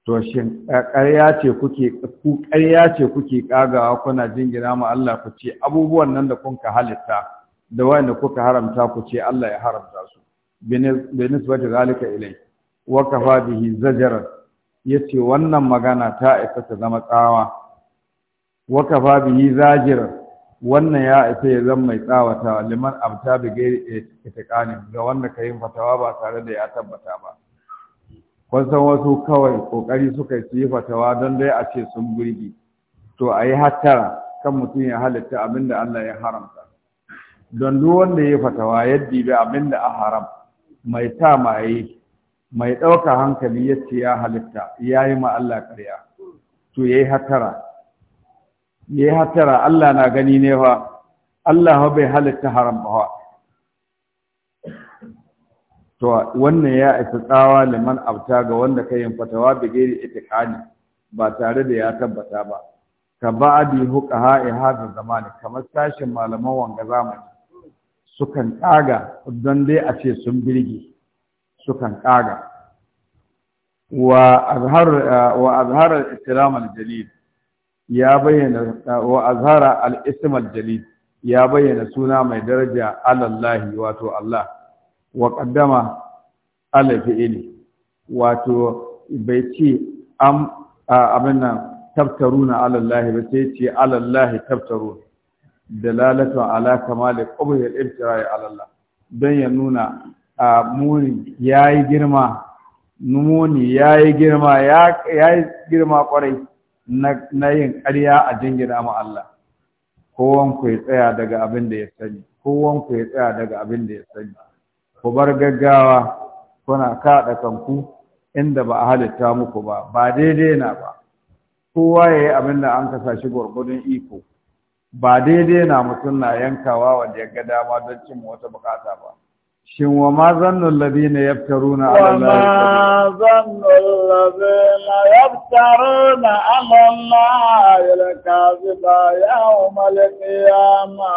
Speaker 2: to shin ƙarya ce kuke ku ƙarya ce kuke kagawa kuna jingina ma Allah ku ce abubuwan nan da kun ka halitta da wanda kuka haramta ku ce Allah ya haramta su bi nisbati zalika ilayhi wa kafa bihi zajaran yace wannan magana ta isa ta zama tsawa wa kafa bihi zajiran wannan ya isa ya zama mai tsawata liman abta bi gairi itiqani ga wanda kayin fatawa ba tare da ya tabbata ba kun san wasu kawai kokari suka yi fatawa don dai a ce sun gurbi, to a yi hattara kan mutum ya halitta abin da Allah ya haramta don duk wanda ya yi fatawa ya dibi abin da a haram mai ta yi. mai ɗauka hankali ya ce ya halitta ya yi ma Allah ƙarya to ya yi hatara ya yi hatara Allah na gani ne fa Allah bai halitta haram ba to wannan ya isa tsawa liman abta ga wanda ka yin fatawa da gairi itikadi ba tare da ya tabbata ba ka ba a ba'adi huqaha hada zamani kamar sashen malaman wanga zamani sukan kaga don dai a ce sun birge sukan ƙaga eh, wa azhar al-islam al-jalil ya bayyana eh, wa azhara al-ism al-jalil ya bayyana suna mai daraja alallahi wato Allah wa qaddama ala wato bai ce am abin tabtaruna alallahi ba sai ce alallahi tabtaruna dalalatu ala kamali qabhi al-ibtira'i alallah dan ya nuna a muri ya yi girma numuni ya yi girma ya yi girma kwarai na yin karya a jingina ma Allah kowan ku ya tsaya daga abin da ya sani kowan ku ya tsaya daga abin da ya sani ku bar gaggawa kuna kaɗa kanku inda ba a halitta muku ba ba daidai na ba kowa ya yi abin da an kasa shi gwargwadon iko ba daidai na mutum na yankawa wanda ya ga dama don cin wata bukata ba شن وما ظن الذين يفترون على الله وما
Speaker 3: ظن الذين يفترون على الله الكاذب يوم القيامة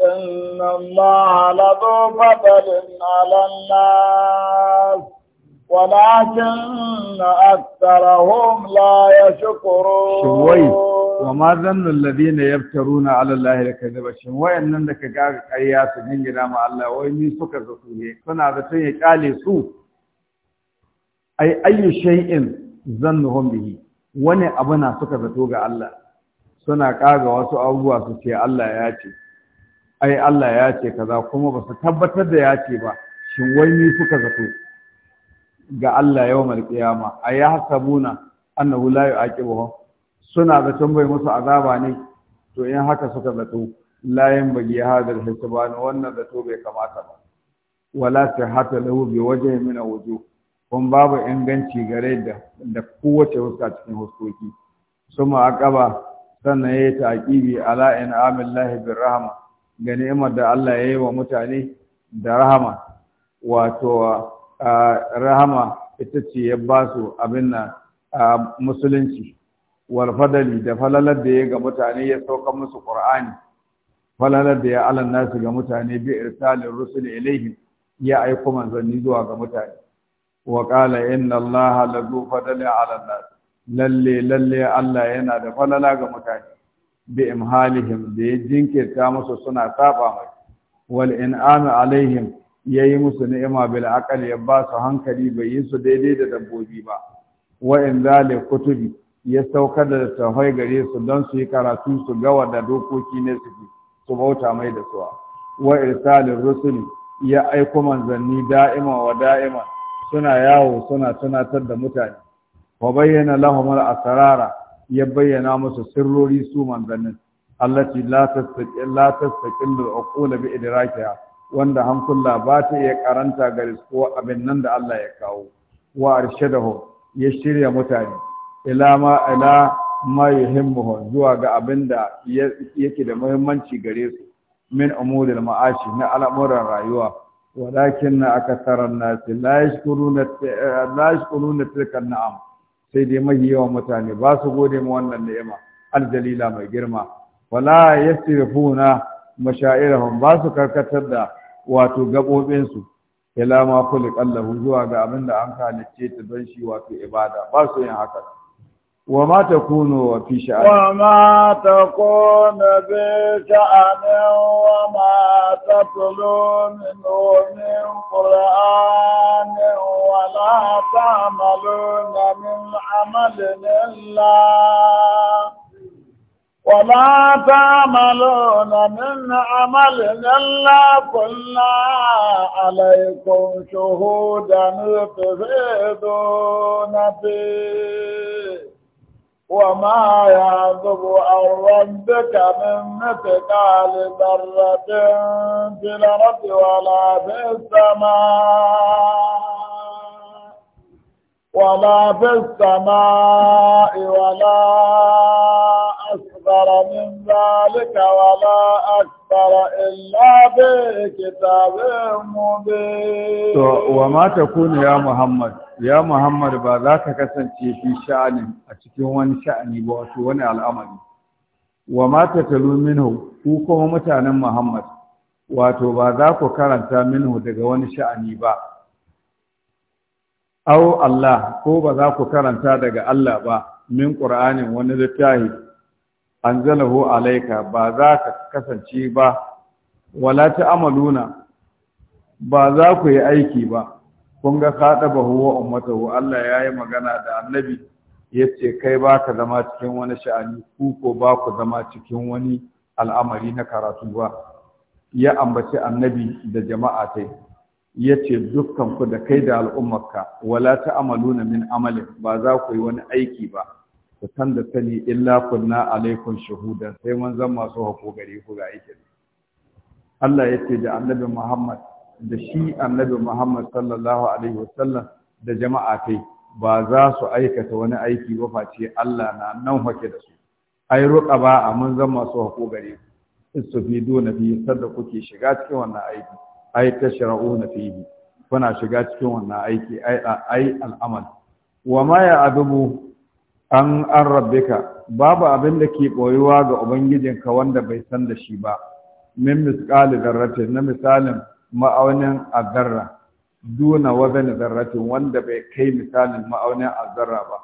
Speaker 3: إن الله لذو فضل على الناس ولكن أكثرهم لا يشكرون wa ma zannu
Speaker 2: alladhina yaftaruna ala allahi kadhiba shin wayannan da ka ga ƙarya su dingina ma Allah wai ni suka zato ne suna da sun ya kale su ai ayyu shay'in zannuhum bihi wani abu na suka zato ga Allah suna kaga wasu abubuwa su ce Allah ya ce ai Allah ya ce kaza kuma ba su tabbatar da ya ce ba shin wai ni suka zato ga Allah yawmal qiyama ay yahsabuna annahu la yu'aqibuhum suna zaton bai musu azaba ne to in haka suka zato layin bagi hadal hisban wannan zato bai kamata ba wala hata lahu bi waje min wujuh kun babu inganci gare da da kowace huska cikin huskoki suma akaba sannan yayi taqibi ala amillahi bir rahma ga ni'imar da Allah ya yi wa mutane da rahama wato rahama ita ce ya basu abin nan musulunci wal fadali da falalar da ya ga mutane ya sauka musu ƙur'ani. falalar da ya alan nasu ga mutane bi irsalin rusul ilaihim ya aiko manzanni zuwa ga mutane wa qala inna allaha la zu fadali ala nas lalle lalle Allah yana da falala ga mutane bi imhalihim da ya jinkirta musu suna saba mai wal in'am alaihim yi musu ni'ima bil aqal ya ba su hankali bai yi su daidai da dabbobi ba
Speaker 3: wa in kutubi
Speaker 2: ya saukar da littafai gare su don su yi karatu su gawa da dokoki ne suke su bauta mai da suwa wa irsalin rusuli ya aiko manzanni da'ima wa da'ima suna yawo suna tunatar da mutane wa bayyana lahumar asarara ya bayyana musu sirrori su manzannin allati la tastaqil la tastaqillu da bi idrakiha wanda hankula ba iya karanta ga risko abin nan da Allah ya kawo wa arshadahu ya shirya mutane ila ma ila ma yuhimmuhu zuwa ga abinda yake da muhimmanci gare su min umuril ma'ashi na al'amuran rayuwa walakin na akasaran nasi la yashkuruna la yashkuruna tilka na'am sai dai mahi yawan mutane ba su gode ma wannan ni'ima aljalila mai girma
Speaker 1: wala yasrifuna mashairahum ba su karkatar da wato gabobin su ila ma kulli qallahu zuwa ga abinda an halicce ta don shi wato
Speaker 3: ibada ba su yin haka
Speaker 2: وما تكون في شأن
Speaker 3: وما تكون بشأن وما تتلو منه من قرآن ولا تعملون من عمل إلا وما تعملون من عمل إلا كنا عليكم شهودا تفيدون فيه وما يعذب عن ربك من مثقال ذرة في الأرض ولا في السماء ولا في السماء ولا أصغر من ذلك ولا أكبر illa be kitabe mube. To, wa mata
Speaker 2: kuni ya Muhammad, ya Muhammad ba za ka kasance fi sha'anin a cikin wani sha'ani ba wato wani al'amari. Wa mata talu minhu ku kuma mutanen Muhammad, wato ba za ku karanta minhu daga wani sha'ani ba. Au Allah, ko ba za ku karanta daga Allah ba min Ƙur'anin wani littafi. anzalahu alaika ba za ka kasance ba wala ta'amaluna. ba za ku yi aiki ba kun ga kada ba huwa ummatahu Allah ya yi magana da annabi yace kai ba ka zama cikin wani sha'ani ku ko ba ku zama cikin wani al'amari na karatu ba ya ambaci annabi da jama'a tai ya ce ku da kai da al'ummarka wala ta amaluna min amali ba za ku yi wani aiki ba ku san da sani illa kunna alaikum shahuda sai mun zan masu hako gare ku ga aikin Allah ya ce da annabi Muhammad da shi annabi Muhammad sallallahu alaihi wasallam da jama'a kai ba za su aikata wani aiki ba face Allah na nan hake da su ai roƙa ba a mun zan masu hako gare ku istufidu na fi sadda kuke shiga cikin wannan aiki ai tashra'u na fihi kuna shiga cikin wannan aiki ai ai al'amal wa ma ya adubu an an rabbika babu abin da ke boyuwa ga ubangijinka wanda bai san da shi ba min misqali zarrati na misalin ma'aunin agarra duna wazan zarrati wanda bai kai misalin ma'aunin azara ba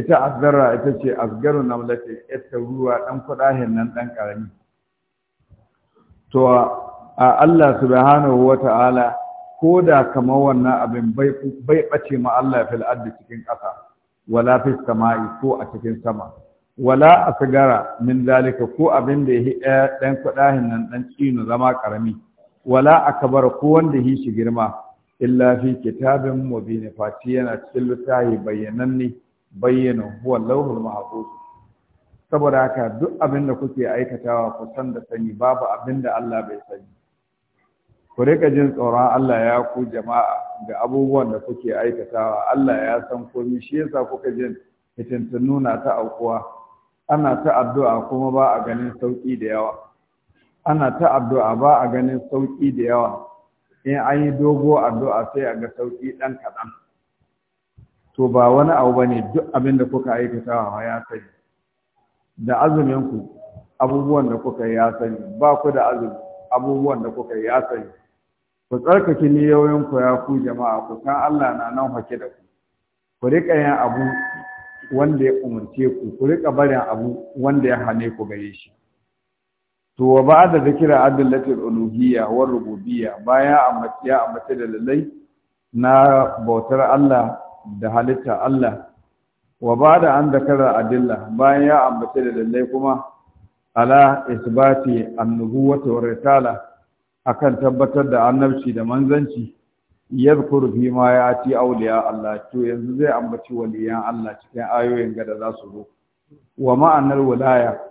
Speaker 2: ita agarra ita ce na namlati ita ruwa dan kudahin nan dan karami to a Allah subhanahu wata'ala ko da kamar wannan abin bai ɓace ma Allah fil ardi cikin ƙasa wala fi sama'i ko a cikin sama wala asgara min zalika ko abin da yahi dan kudahin nan dan cino zama karami wala akbar ko wanda yi shi girma illa fi kitabin mubin fati yana cikin littafi bayyananne bayyana huwa lawhul mahfuz saboda haka duk abin da kuke aikatawa ku san da sani babu abin da Allah bai sani ku rika jin tsoron Allah ya ku jama'a ga abubuwan da kuke aikatawa Allah ya san komai shi yasa kuka jin hitintunu na ta aukuwa ana ta addu'a kuma ba a ganin sauki da yawa ana ta addu'a ba a ganin sauki da yawa in an yi dogo addu'a sai a ga sauki dan kaɗan to ba wani abu bane duk abin da kuka aikatawa ya sani da azumin abubuwan da kuka ya sani ba ku da azumi abubuwan da kuka ya sani ku tsarkake niyoyin ku ya ku jama'a ku san Allah na nan hake da ku ku rika yin abu wanda ya umarce ku ku rika barin abu wanda ya hane ku gare shi to wa ba'da zikira adillatul uluhiyya war rububiyya baya ambaci ya ambaci da lallai na bautar Allah da halitta Allah wa ba'da an zakara adilla bayan ya ambaci da lallai kuma ala isbati annubuwwati war risala akan tabbatar da annabci da manzanci yadhkuru fi ma ci auliya Allah to yanzu zai ambaci waliyan Allah cikin ayoyin gada za su zo wa ma'anar wilaya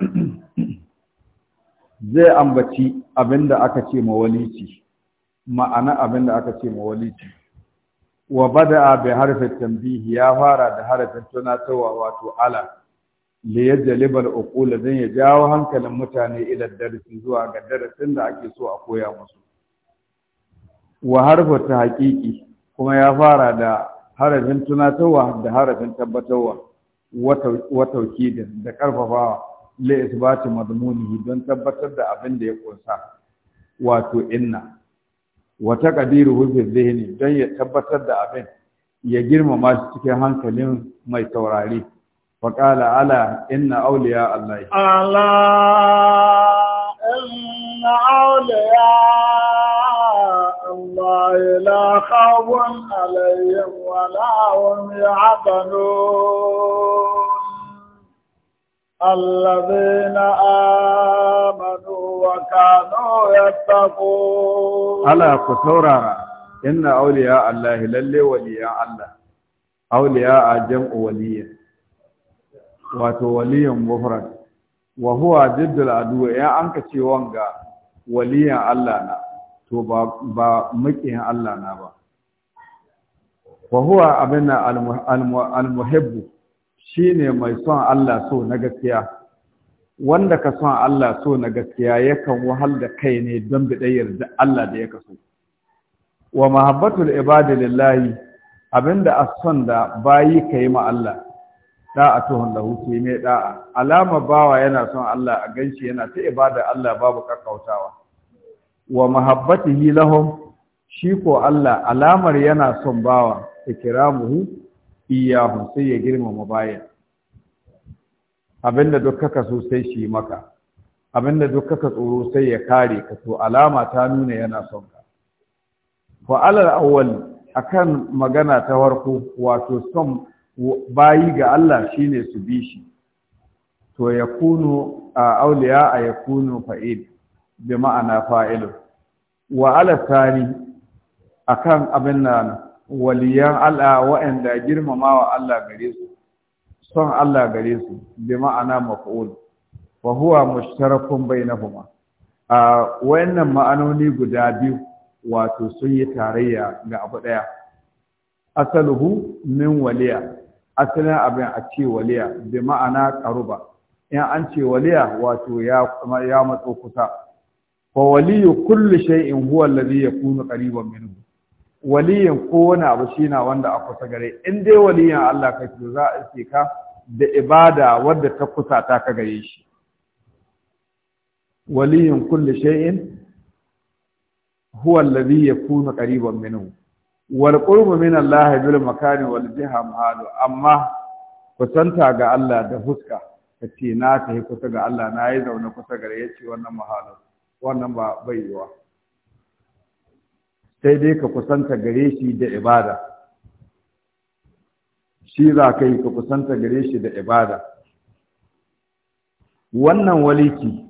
Speaker 2: zai ambaci abinda aka ce ma walici ma'ana abinda aka ce ma walici wa bada bi harfin ya fara da harfin tunatarwa wato ala li yajlibal uqula zan ya jawo hankalin mutane ila darasi zuwa ga darasin da ake so a koya musu wa harfa ta haƙiƙi kuma ya fara da harafin tunatarwa da harafin tabbatarwa wa taukidin da ƙarfafawa li isbati madmunihi don tabbatar da abin da ya ƙunsa, wato inna wa taqdiru fi dhihni don ya tabbatar da abin ya girmama shi cikin hankalin mai taurari فقال ألا إن أولياء الله
Speaker 3: ألا إن أولياء الله لا خوف عليهم ولا هم يعبدون الذين آمنوا وكانوا يتقون على
Speaker 2: قصورا إن أولياء الله للي ولي الله أولياء جمع وليا wato waliyan mufrad wa huwa jiddul adu ya anka ce wanga waliyan Allah na to ba ba mukin Allah na ba wa huwa abinna al-muhibbu shine mai son Allah so na gaskiya wanda ka son Allah so na gaskiya yakan wahal da kai ne don bidayar da Allah da ya kaso wa mahabbatul ibadi lillahi abinda as-son da bayi kai ma Allah Da'a da'atuhun lahu ke mai da'a alama bawa yana son Allah a ganshi yana ta ibada Allah babu kakkautawa wa mahabbatihi lahum shi ko Allah alamar yana son bawa ikramuhu iyahu sai ya girmama bayan abinda duk kaka so sai shi maka abinda duk kaka tsoro sai ya kare ka to alama ta nuna yana son ka fa alal awwal akan magana ta farko wato son bayi ga Allah shine su bi shi to ya kunu a auliya a ya kunu fa'il bi ma'ana fa'ilu wa ala a akan abin nan waliyan Allah wa'anda girmamawa Allah gare su son Allah gare su bi ma'ana maf'ul wa huwa na huma. a wayannan ma'anoni guda biyu wato sun yi tarayya ga abu ɗaya. asaluhu min waliya asalin abin a ce waliya bi ma'ana karuba in an ce waliya wato ya ya matso kusa fa waliyu kulli shay'in huwa alladhi yakunu qariban minhu waliyin wani abu shine wanda a kusa gare in dai waliyin Allah kake za a ce ka da ibada wadda ta kusa ta ka gare shi waliyin kulli shay'in huwa alladhi yakunu qariban minhu wal qurbu min Allah bil makani wal jiha mahalu amma kusanta ga Allah da fuska kace na ta kusa ga Allah na yi zaune kusa gare yace wannan mahalu wannan ba bai yiwa sai dai ka kusanta gare shi da ibada shi za ka yi ka kusanta gare shi da ibada wannan waliki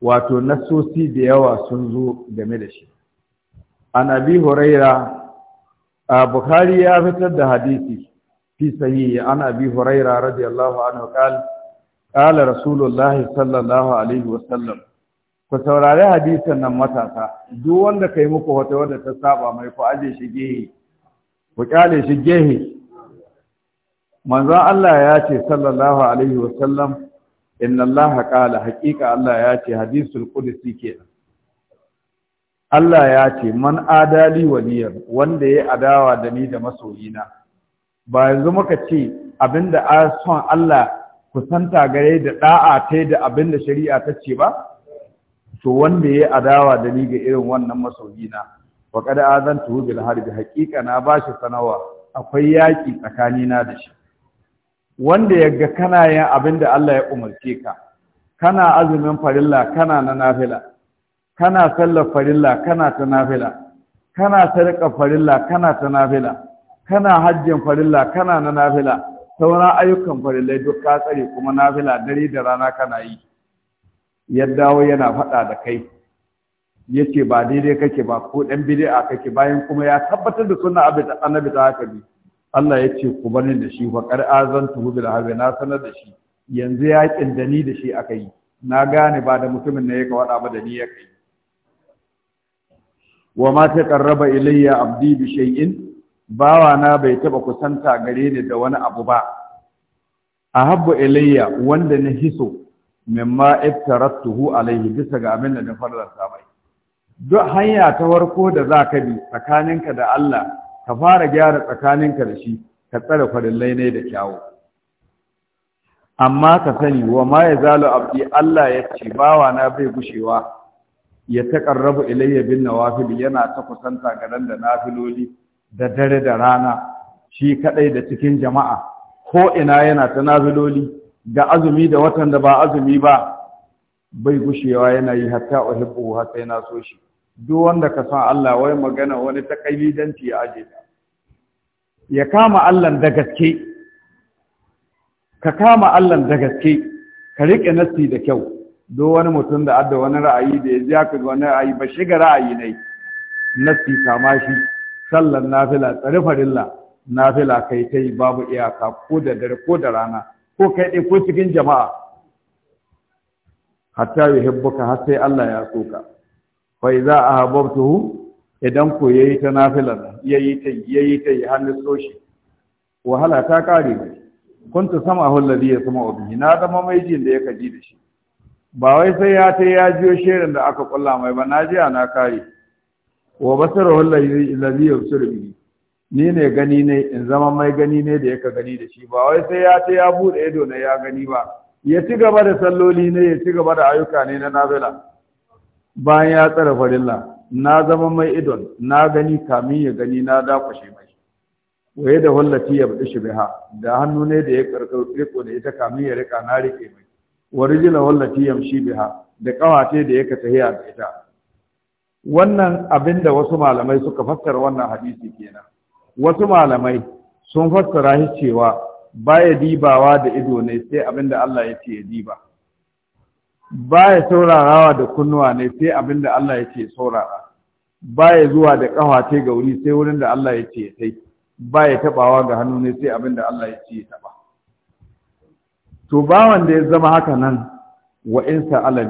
Speaker 2: wato nasosi da yawa sun zo game da shi an abi huraira bukhari ya fitar da hadisi fi sahihi an abi huraira radiyallahu anhu qala qala rasulullahi sallallahu alaihi wasallam ku saurare hadisin nan matasa duk wanda kai muku wata wanda ta saba mai ku aje shi gehe ku kyale shi gehe manzon Allah ya ce sallallahu alaihi wasallam inna Allah qala haqiqa Allah ya ce hadisul qudsi kenan Allah ya ce man adali waliyar wanda ya adawa da ni da masoyina ba yanzu muka ce abinda a son Allah kusanta gare da da'a ta da abinda shari'a ta ce ba to wanda ya adawa da ni ga irin wannan masoyina wa kada azantu bil harbi haqiqa na bashi sanawa akwai yaki tsakanina da shi wanda yaga kana yin abinda Allah ya umarce ka kana azumin farilla kana na nafila kana sallar farilla kana ta nafila kana sarƙa farilla kana ta nafila kana hajjin farilla kana na nafila sauran ayyukan farillai duk ka tsare kuma nafila dare da rana kana yi ya dawo yana faɗa da kai ya ce ba daidai kake ba ko ɗan bidi'a kake bayan kuma ya tabbatar da suna annabi ta haka bi Allah ya ce ku bani da shi fa kar azan tuhu bil na sanar da shi yanzu yakin da ni da shi aka yi na gane ba da mutumin ne ya ka wada ba da ni ya kai wa ma ƙarraba ilayya abdi bi shay'in bawa na bai taba kusanta gare ni da wani abu ba ahabbu ilayya wanda na hiso mimma iftaratuhu alayhi bisa ga abin da na fara mai duk hanya ta warko da za ka bi tsakaninka da Allah ka fara gyara tsakaninka da shi ka tsare farillai ne da kyawu amma ka sani wa ma abdi Allah ya ce bawa na bai gushewa ya ƙarrabu ilayya bin nawafil yana ta kusanta nan da nafiloli da dare da rana shi kaɗai da cikin jama'a ko ina yana ta nafiloli ga azumi da watan da ba azumi ba bai gushewa yana yi hatta uhibbu hibbu sai na so shi duk wanda ka san Allah wai magana wani takalidanci ya aje ya kama Allah da gaske ka kama Allah da gaske ka riƙe nasi da kyau duk wani mutum da adda wani ra'ayi da ya ja wani ra'ayi ba shiga ra'ayi ne na kama shi sallan nafila tsare farilla nafila kai kai babu iyaka ko da dare ko da rana ko kai ɗai ko cikin jama'a hatta ka har sai Allah ya so ka fa idza ahabbtuhu idan ko yayi ta nafila yayi ta yayi ta hannu soshi wahala ta kare Kun kuntu sama alladhi yasma'u bihi na zama mai jin da yake ji da shi ba wai sai ya ta ya jiyo shirin da aka kulla mai ba na jiya na kare wa basarahu allazi yubsiru bi ni ne gani ne in zama mai gani ne da yaka gani da shi ba wai sai ya ta ya bude ido na ya gani ba ya ci gaba da salloli ne ya ci gaba da ayyuka ne na nazala bayan ya tsara farilla na zama mai idon na gani kamin ya gani na dakushe mai waye da wallati ya bude biha da hannu ne da ya karkar riko da ita kamin ya rika na rike mai warijina wallati yamshi biha da kawace da yake tahiya da ita wannan abinda wasu malamai suka fassara wannan hadisi kenan wasu malamai sun fassara shi cewa baya dibawa da ido ne sai abinda Allah ya ce ya diba baya saurarawa da kunnuwa ne sai abinda Allah ya ce saurara baya zuwa da kawace ga wuri sai wurin da Allah ya ce ya tai baya tabawa ga hannu ne sai abinda Allah ya ce ya taba to bawan da ya zama haka nan wa in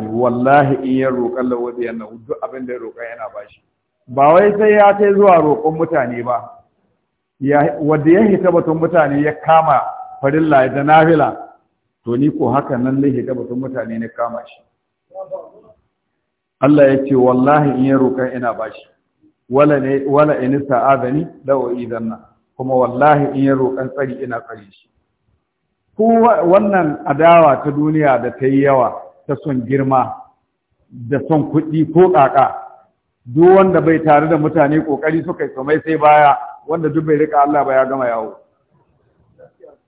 Speaker 2: ni, wallahi in ya roƙa lawadi yana duk abin da ya roƙa yana bashi ba wai sai ya kai zuwa roƙon mutane ba wanda ya hita batun mutane ya kama farilla da nafila to ni ko haka nan ne hita batun mutane ne kama shi Allah ya ce wallahi in ya roƙa ina bashi wala ne wala in sa'adani law idanna kuma wallahi in ya roƙan tsari ina tsari shi ko wannan adawa ta duniya da ta yi yawa ta son girma da son kuɗi ko ƙaƙa duk wanda bai tare da mutane ƙoƙari suka yi kamai sai baya wanda duk bai rika Allah ba ya gama yawo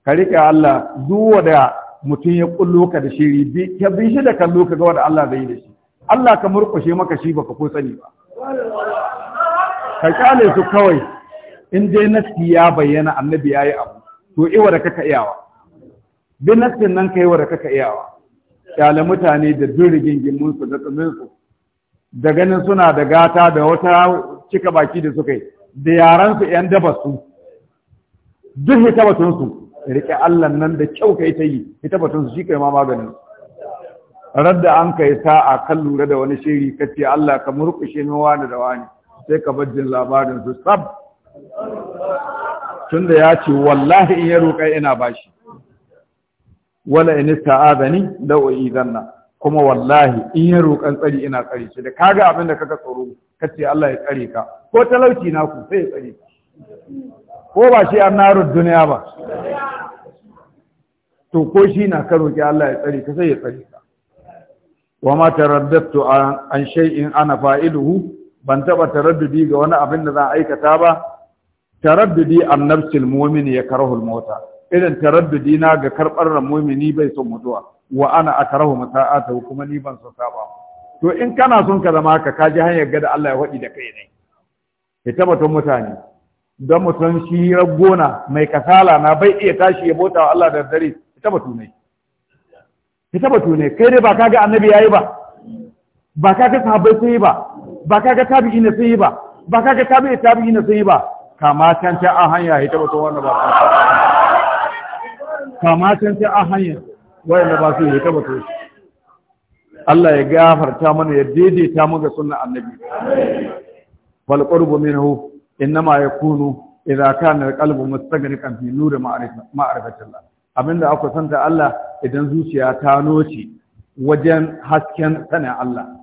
Speaker 2: ka rike Allah duk wanda mutum ya ƙullo ka da shiri bi ka bi shi da kallo ka ga wanda Allah zai yi da shi Allah ka murƙushe maka shi baka ko sani ba ka ƙyale su kawai in dai nasi ya bayyana annabi ya yi abu to iwa da kaka iyawa bi ka nan kai wara kaka iyawa kyale mutane da durigin gimmun su da tsumin su da ganin suna da gata da wata cika baki da suka yi da yaran su yan daba su duk hitabatun su rike Allah nan da kyau kai ta yi hitabatun su shi kai ma maganin radda an kai sa'a kan lura da wani shiri kace Allah ka murkushe min wani da wani sai ka bar jin labarin su sab tunda ya ce wallahi in ya roƙa ina bashi wala in ista'azani la idanna kuma wallahi in ya roƙan tsari ina tsari shi da kaga abin da kaka tsoro ce Allah ya tsare ka ko talauci na ku sai ya tsare ka ko ba shi an naru duniya ba to ko shi na ka roƙi Allah ya tsare ka sai ya tsare ka wa ma taraddatu an shay'in ana fa'iluhu ban taba taraddudi ga wani abin da zan aikata ba taraddudi an nafsil mu'min ya karahul mota irin taraddudi na ga karɓar mumini bai son mutuwa wa ana tarahu mata'ata kuma ni ban so saba to in kana son ka zama haka ka kaji hanyar gada Allah ya waɗi da kai ne ya tabbatar mutane don mutum shi gona mai kasala na bai iya tashi ya bota wa Allah da dare ya tabbatu ne ya tabbatu ne kai dai ba ka ga annabi yayi ba ba ka ga sahabbai sai ba ba ka ga tabi'i ne sai ba ba ka ga tabi'i tabi'i ne sai ba kama can ta an hanya ya tabbatu wannan ba kamacin sai a hanyar wayanda ba su yi ta shi Allah ya gafarta mana ya daidaita mu ga sunnan annabi
Speaker 1: wal qurbu minhu innama yakunu idza kana alqalbu mustaghriqan
Speaker 2: fi nur ma'rifatillah abinda aka santa Allah idan zuciya ta noce wajen hasken sanin Allah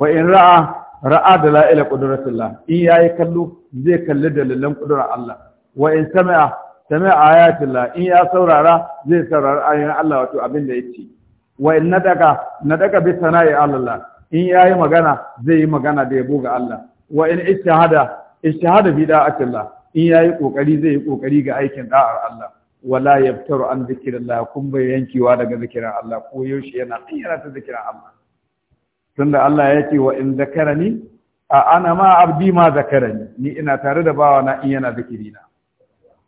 Speaker 2: wa in ra'a ra'a da la'ila qudratillah in yayi kallo zai kalli dalilan qudrar Allah wa in sami'a sami la, in ya saurara zai saurara ayoyin Allah wato abin da yake wa in nadaka nadaka bi sana'i Allah in yayi magana zai yi magana da yabo ga Allah wa in ijtihada ijtihada bi da'atillah in yayi kokari zai yi kokari ga aikin da'ar Allah wala yaftaru an zikrillah kun bai yankewa daga zikirin Allah ko yaushe yana ayyana ta zikirin Allah tunda Allah yake wa in zakarani a ana ma abdi ma zakarani ni ina tare da bawa na in yana na.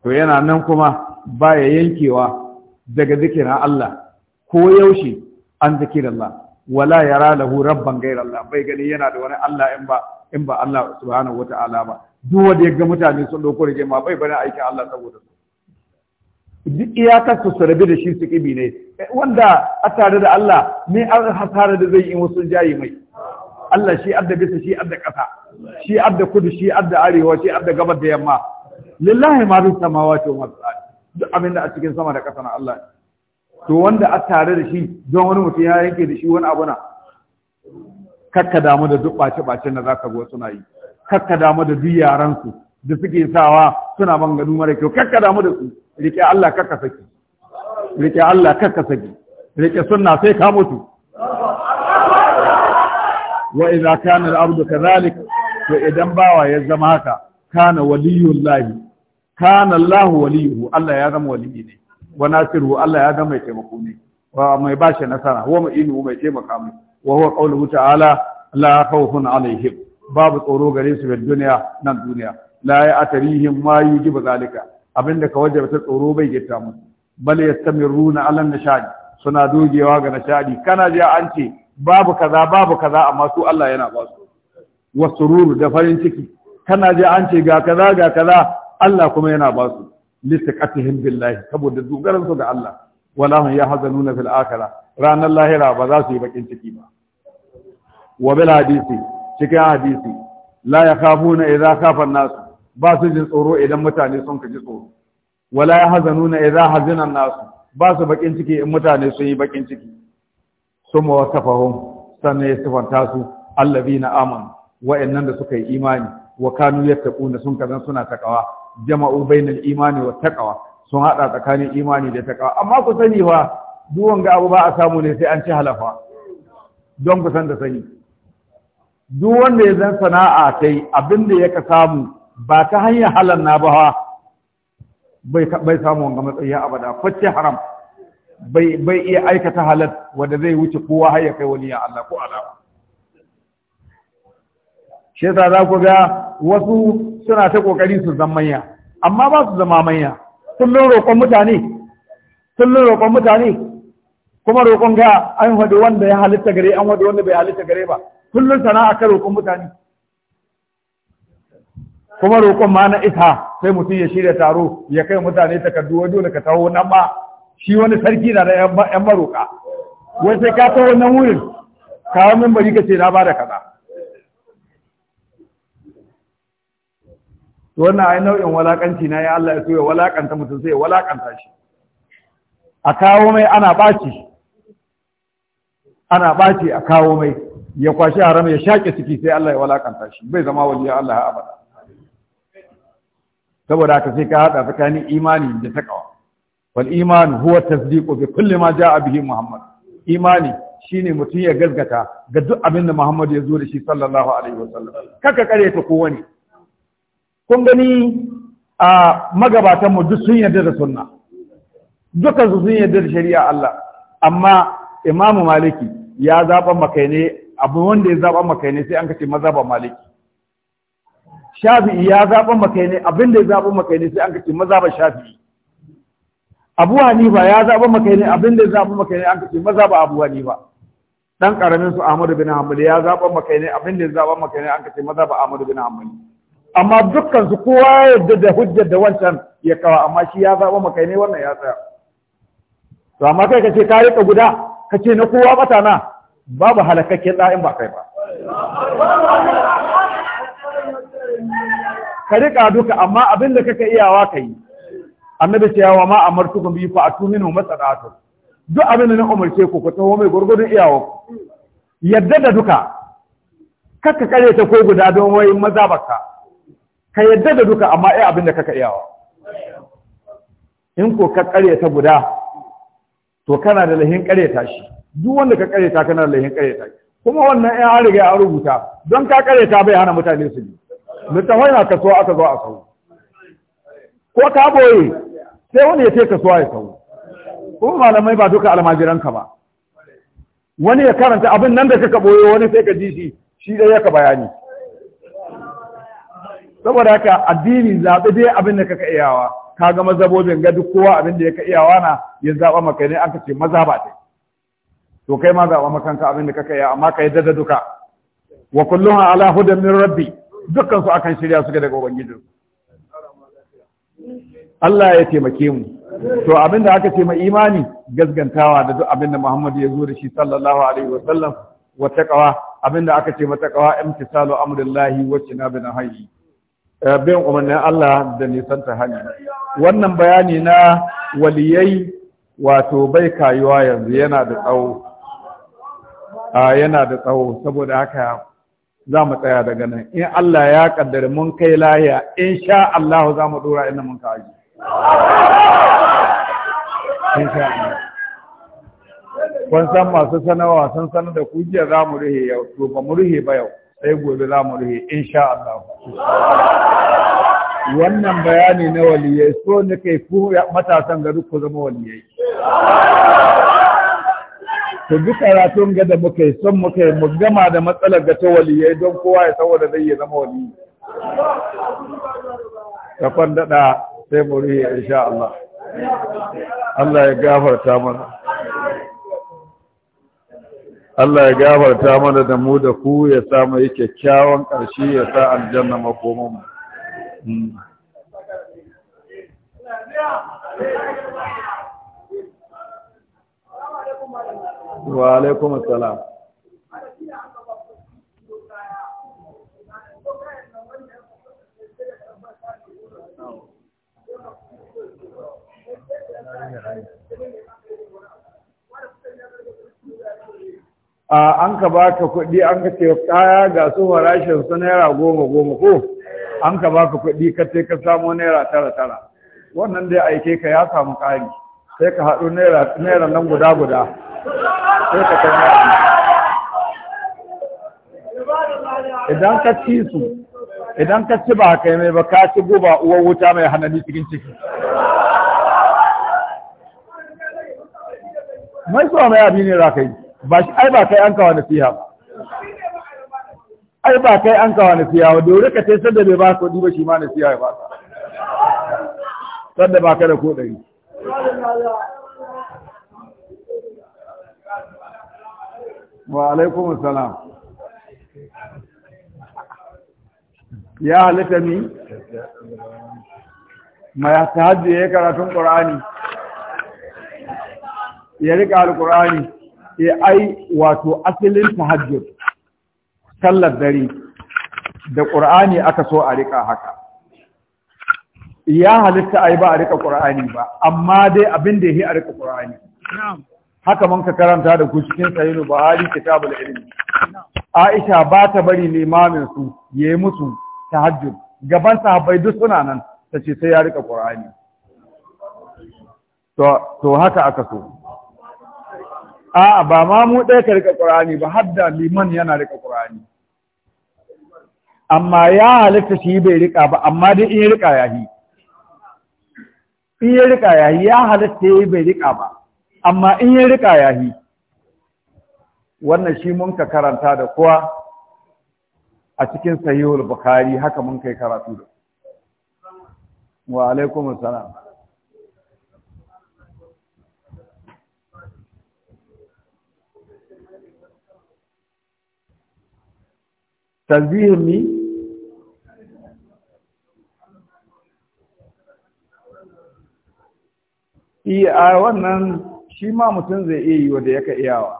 Speaker 2: to yana nan kuma baya yankewa daga zikirin Allah ko yaushe an Allah. wala yara lahu rabban Allah bai gani yana da wani Allah in ba in ba Allah subhanahu wata'ala ba duk wanda ya ga mutane sun dauko rige ma bai bane aikin Allah saboda su duk iyakar su su rabi da shi su kibi ne wanda a tare da Allah ne an hasara da zai yi wasu jayi mai Allah shi adda bisa shi adda ƙasa shi adda kudu shi adda arewa shi adda gabar da yamma lillahi ma bi samawati wa ma duk amin da a cikin sama da ƙasa na Allah to wanda a tare da shi don wani mutum ya yanke da shi wani abu na kakka damu da duk ɓace-ɓacen da zaka go suna yi kakka damu da duk yaran su da suke sawa suna banganu mara kyau kakka damu da su rike Allah kakka saki rike Allah kakka saki rike sunna sai ka mutu wa idza kana al-abdu kadhalik to idan bawa ya zama haka kana waliyullahi kana Allah waliyuhu Allah ya zama waliyi ne wa nasiru Allah ya zama mai taimako ne wa mai bashi nasara wa inu mai taimaka mai wa huwa qawluhu ta'ala la khawfun alayhim. babu tsoro gare su da duniya nan duniya la a tarihin ma yujibu zalika abinda ka ta tsoro bai gita musu bal yastamiruna ala nashadi suna dogewa ga nashadi kana ji an ce babu kaza babu kaza amma su Allah yana ba su wasururu da farin ciki kana ji an ce ga kaza ga kaza Allah kuma yana ba su listiqatihim billahi saboda dogaran su ga Allah wala hum yahzanuna fil akhirah ranar lahira ba za su yi bakin ciki ba wa bil hadisi cikin hadisi la yakhafuna idza khafa an-nas ba su jin tsoro idan mutane sun kaji tsoro wala yahzanuna idza hazina an-nas ba su bakin ciki in mutane sun yi bakin ciki summa wasafahum sannan ya sifanta su allazina amanu wa'annan da suka yi imani wa kanu yattaquna sun kazan suna takawa jama'u bainal imani wa taqwa sun hada tsakanin imani da takawa amma ku sani fa duk wanga abu ba a samu ne sai an ci halafa don ku san da sani duk wanda ya zan sana'a kai abin da ya samu ba ta hanyar halal na ba bai bai samu wanga matsayi abada kwace haram bai bai iya aikata halal wanda zai wuce kowa har ya kai wani ya Allah ko alama shi yasa za ku ga wasu suna ta kokari su zama manya amma ba su zama manya kullun roƙon mutane kullun roƙon mutane kuma roƙon ga an wado wanda ya halitta gare an wado wanda bai halitta gare ba kullun sana'a ka roƙon mutane kuma roƙon ma na isa sai mutum ya shirya taro ya kai mutane takardu wajo dole ka taho nan ba? shi wani sarki na da yan maroƙa wai sai ka taho nan wurin kawo mimbari ka ce na ba da kaza to wannan ai nau'in walakanci na ya Allah ya so ya walakanta mutum sai ya walakanta shi a kawo mai ana baci ana baci a kawo mai ya kwashi haram ya shaƙe ciki sai Allah ya walakanta shi bai zama waliya Allah abada saboda haka sai ka hada tsakanin imani da takawa wal iman huwa tasdiqu bi kulli ma jaa bihi muhammad imani shine mutum ya gazgata ga duk abin da muhammad ya zo da shi sallallahu alaihi wasallam kaka kare ta ko wani kun gani a magabatanmu duk sun yarda da sunna dukkan su sun yarda da shari'a Allah amma imamu maliki ya zaɓa makaine abu wanda ya zaɓa makaine sai an kace mazhaban maliki shafi'i ya zaɓa makaine abin da ya zaɓa makaine sai an kace mazhaban shafi'i abu hanifa ya zaɓa makaine abin da ya zaɓa makaine an kace mazhaban abu hanifa dan karamin su ahmadu bin hanbali ya zaɓa makaine abin da ya zaɓa makaine an kace mazhaban ahmadu bin hanbali amma dukkan su kowa yadda da hujjar da wancan ya kawo amma shi ya zaɓa maka ne wannan ya tsaya to amma kai ka ce ka riƙa guda ka ce na kowa bata na babu halakakken ɗa'in ba kai ba ka riƙa duka amma abin da kaka iyawa ka yi annabi cewa yawa ma amartukum biyu fa atuminu masadatu duk abin da na umarce ku ku taho mai gurgurdun iyawa yadda da duka kakka kare ta ko guda don wai maza baka ka yadda da duka amma 'ya' abin da kaka iyawa in ko ka ta guda to kana da lahin karyata shi duk wanda ka karyata kana da lahin karyata shi kuma wannan ya an riga an rubuta don ka karyata bai hana mutane su bi littafai na kasuwa aka zo a sau ko ka boye sai wani ya ce kasuwa ya sau kuma malamai ba duka almajiranka ba wani ya karanta abin nan da kaka boye wani sai ka ji shi shi dai yaka bayani saboda haka addini zaɓi dai abin da kaka iyawa ka ga mazhabobin ga duk kowa abin da ya ka iyawa na ya zaɓa maka ne aka ce ba ta to kai ma zaɓa makanka abin da kaka iyawa amma ka yi dada duka wa kullum ala hudan min rabbi dukkan su akan shirya suke daga ubangiji Allah ya taimake mu to abin da aka ce mai imani gaskantawa da duk abin da Muhammad ya zo da shi sallallahu alaihi wa sallam wa taqwa abin da aka ce mata taqwa imtisalu amrillahi wa tinabina hayyi Eh, bin umarnin Allah da nisan ta hanyar wannan bayani na waliyai wato bai kayuwa yanzu yana da tsawo yana da tsawo saboda haka za mu tsaya daga nan in Allah ya kaddara mun kai lahiya in sha Allah za mu dora inda mun kaji
Speaker 1: in sha Allah kun san
Speaker 2: masu sanawa sun sanar da kujiya za mu rihe yau to ba mu rihe ba yau sai gobe za mu rufe insha Allah wannan bayani na waliyai so ne kai ku matasan gari ku zama waliyai to duk karatun gada da muka yi son muka yi mu gama da matsalar ga ta waliyai don kowa ya saboda zai ya zama waliyai. Ka daɗa sai mu rufe insha Allah Allah ya gafarta mana Allah ya gafarta mana da mu da ku ya sa mu yi kyakkyawan ƙarshe ya sa aljanna mu. Hmm. Wa alaikum assalam. Thank you. an ka ba ka kuɗi an ka ce kaya ga su farashin su naira goma goma ko an ka ba ka kuɗi ka ce ka samu naira tara tara wannan dai aike ka ya samu ƙari sai ka haɗu naira nan guda guda
Speaker 1: sai ka kai
Speaker 3: idan ka ci su idan
Speaker 2: ka ci ba kai mai ba ka ci guba uwar wuta mai hanani cikin ciki mai suwa mai abi ne za ka yi ba shi ai ba kai an kawo nasiha ba ai ba kai an kawo nasiha ba dole ka sai sanda bai ba ka kuɗi ba shi ma nasiha ya ba
Speaker 3: ka
Speaker 2: sanda ba ka da ko ɗari wa alaikum salam ya halitta ni ma ta hajji ya karatun ƙur'ani ya rika alƙur'ani sai eh, ai wato asalin tahajjud sallar dare da qur'ani aka so a rika haka ya halitta ai ba a rika ƙur'ani ba amma dai abin da yi a rika ƙur'ani haka man ka karanta da ku cikin sahihu buhari kitabul ilmi aisha ba ta bari limamin su yayi musu tahajjud gaban sahabbai duk suna nan tace sai ya rika ƙur'ani to to haka aka so a'a ba ma mu ɗaya ka rika ƙur'ani ba hadda liman yana rika ƙur'ani amma ya halitta shi bai rika ba amma dai in rika yi. in ya rika yi ya halitta yi bai rika ba amma in ya rika yi. wannan shi mun ka karanta da kuwa a cikin sahihul bukhari haka mun kai karatu da wa alaikumus salam tanzihun ni iya a wannan shi ma mutum zai iya yi wanda yaka iyawa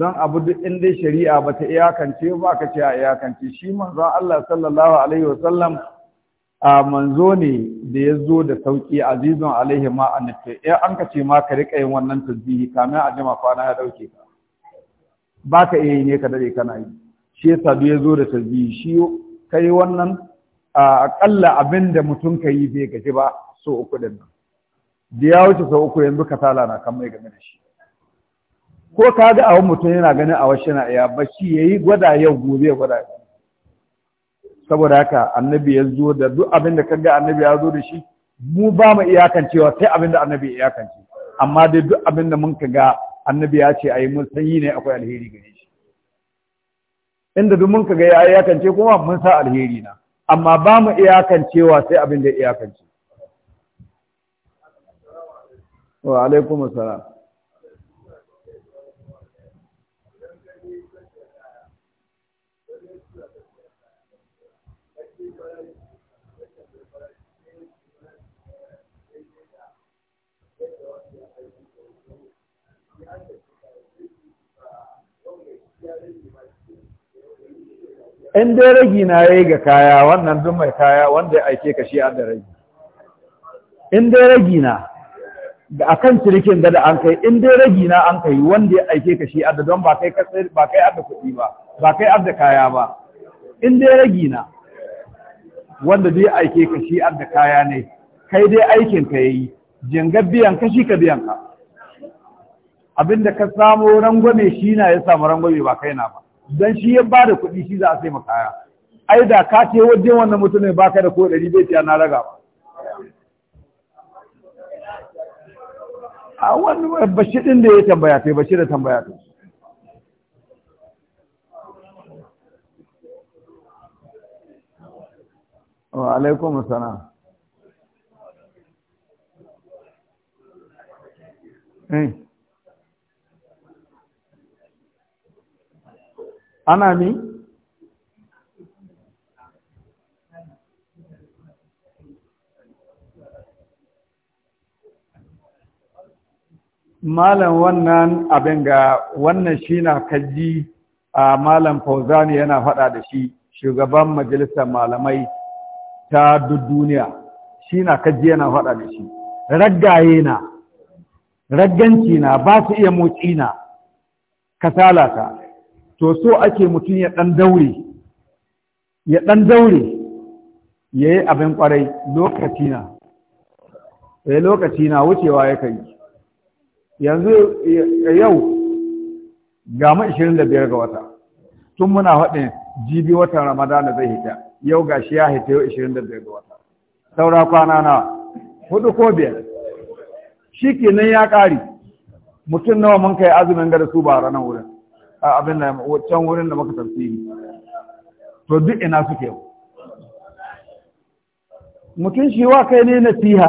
Speaker 2: don abu duk inda shari'a ba ta iyakance ba ka ce a iyakance shi manzon Allah sallallahu alaihi wasallam a manzo ne da ya zo da sauki azizun alaihi ma ce ya eh, an ka ce ma ka rika yin wannan tasbihi kamin a jima kwana ya ɗauke. ka ba ka iya yi ne ka dare kana yi shi ya sadu ya zo da sabi shi kai wannan akalla abin da mutum ka yi bai gaji ba so uku din nan da ya wuce sau uku yanzu kasala na kan mai game da shi ko ka ga awon mutum yana ganin a washe na iya ba shi ya yi gwada yau gobe ya gwada saboda haka annabi ya zo da duk abin da ka ga annabi ya zo da shi mu ba mu iyakancewa sai abin da annabi ya iyakance amma dai duk abin da mun ka ga annabi ya ce a yi mun sanyi ne akwai alheri gare inda duk mun ga ya iyakance kuma mun sa alheri na amma ba mu iyakancewa sai abin da iyakance wa alaikum assalam in dai ragi na yayi ga kaya wannan duk mai kaya wanda ya aike ka shi an da ragi in dai ragi na da akan cirikin da da an kai in dai ragi na an kai wanda ya aike ka shi adda don ba kai ba kai adda kuɗi ba ba kai adda kaya ba in dai ragi na wanda dai aike ka shi adda kaya ne kai dai aikin ka yayi jinga biyan ka shi ka biyan ka abinda ka samu rangwame shi na ya samu rangwame ba kai na ba Don shi ya ba da kuɗi shi za a sai makaya kaya ai da ka ce wajen wannan mutumin baka da ko ɗari bai na raga ba a wani bashi ɗin da ya tambaya ta bashi da tambaya ta wa alaikum sana eh ana ni? malam wannan abin ga wannan shi na kaji a malam fauzani yana faɗa da shi shugaban majalisar malamai ta duk duniya shi na kaji yana faɗa da shi raggaye na ragganci na ba su iya motsi na kasala ta to so ake mutum ya ɗan daure ya ɗan daure ya yi abin ƙwarai lokaci na ya eh, lokaci na wucewa ya kai yanzu eh, yau ga ma 25 ga wata tun muna haɗin jibi watan ramadana zai hita yau ga shi ya hita yau 25 ga wata saura kwana na hudu ko biyar shi nan ya ƙari mutum nawa mun kai azumin gada su ba ranar wurin abin da can wurin da maka tafsiri to duk ina suke mutum shi wa kai ne nasiha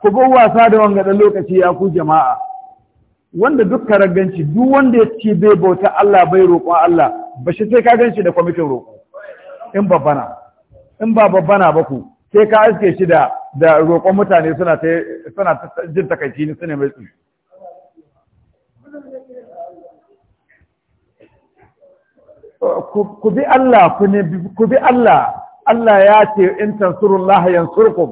Speaker 2: ku bar wasa da wanga da lokaci ya ku jama'a wanda duk karaganci duk wanda ya ce bai bauta Allah bai roƙon Allah ba shi sai ka ganshi da kwamitin roƙo in babbana in ba babbana ba ku sai ka aske shi da roƙon mutane suna jin takaici ne su ne mai tsu ku bi Allah ku bi Allah Allah ya ce in tansurullah yansurkum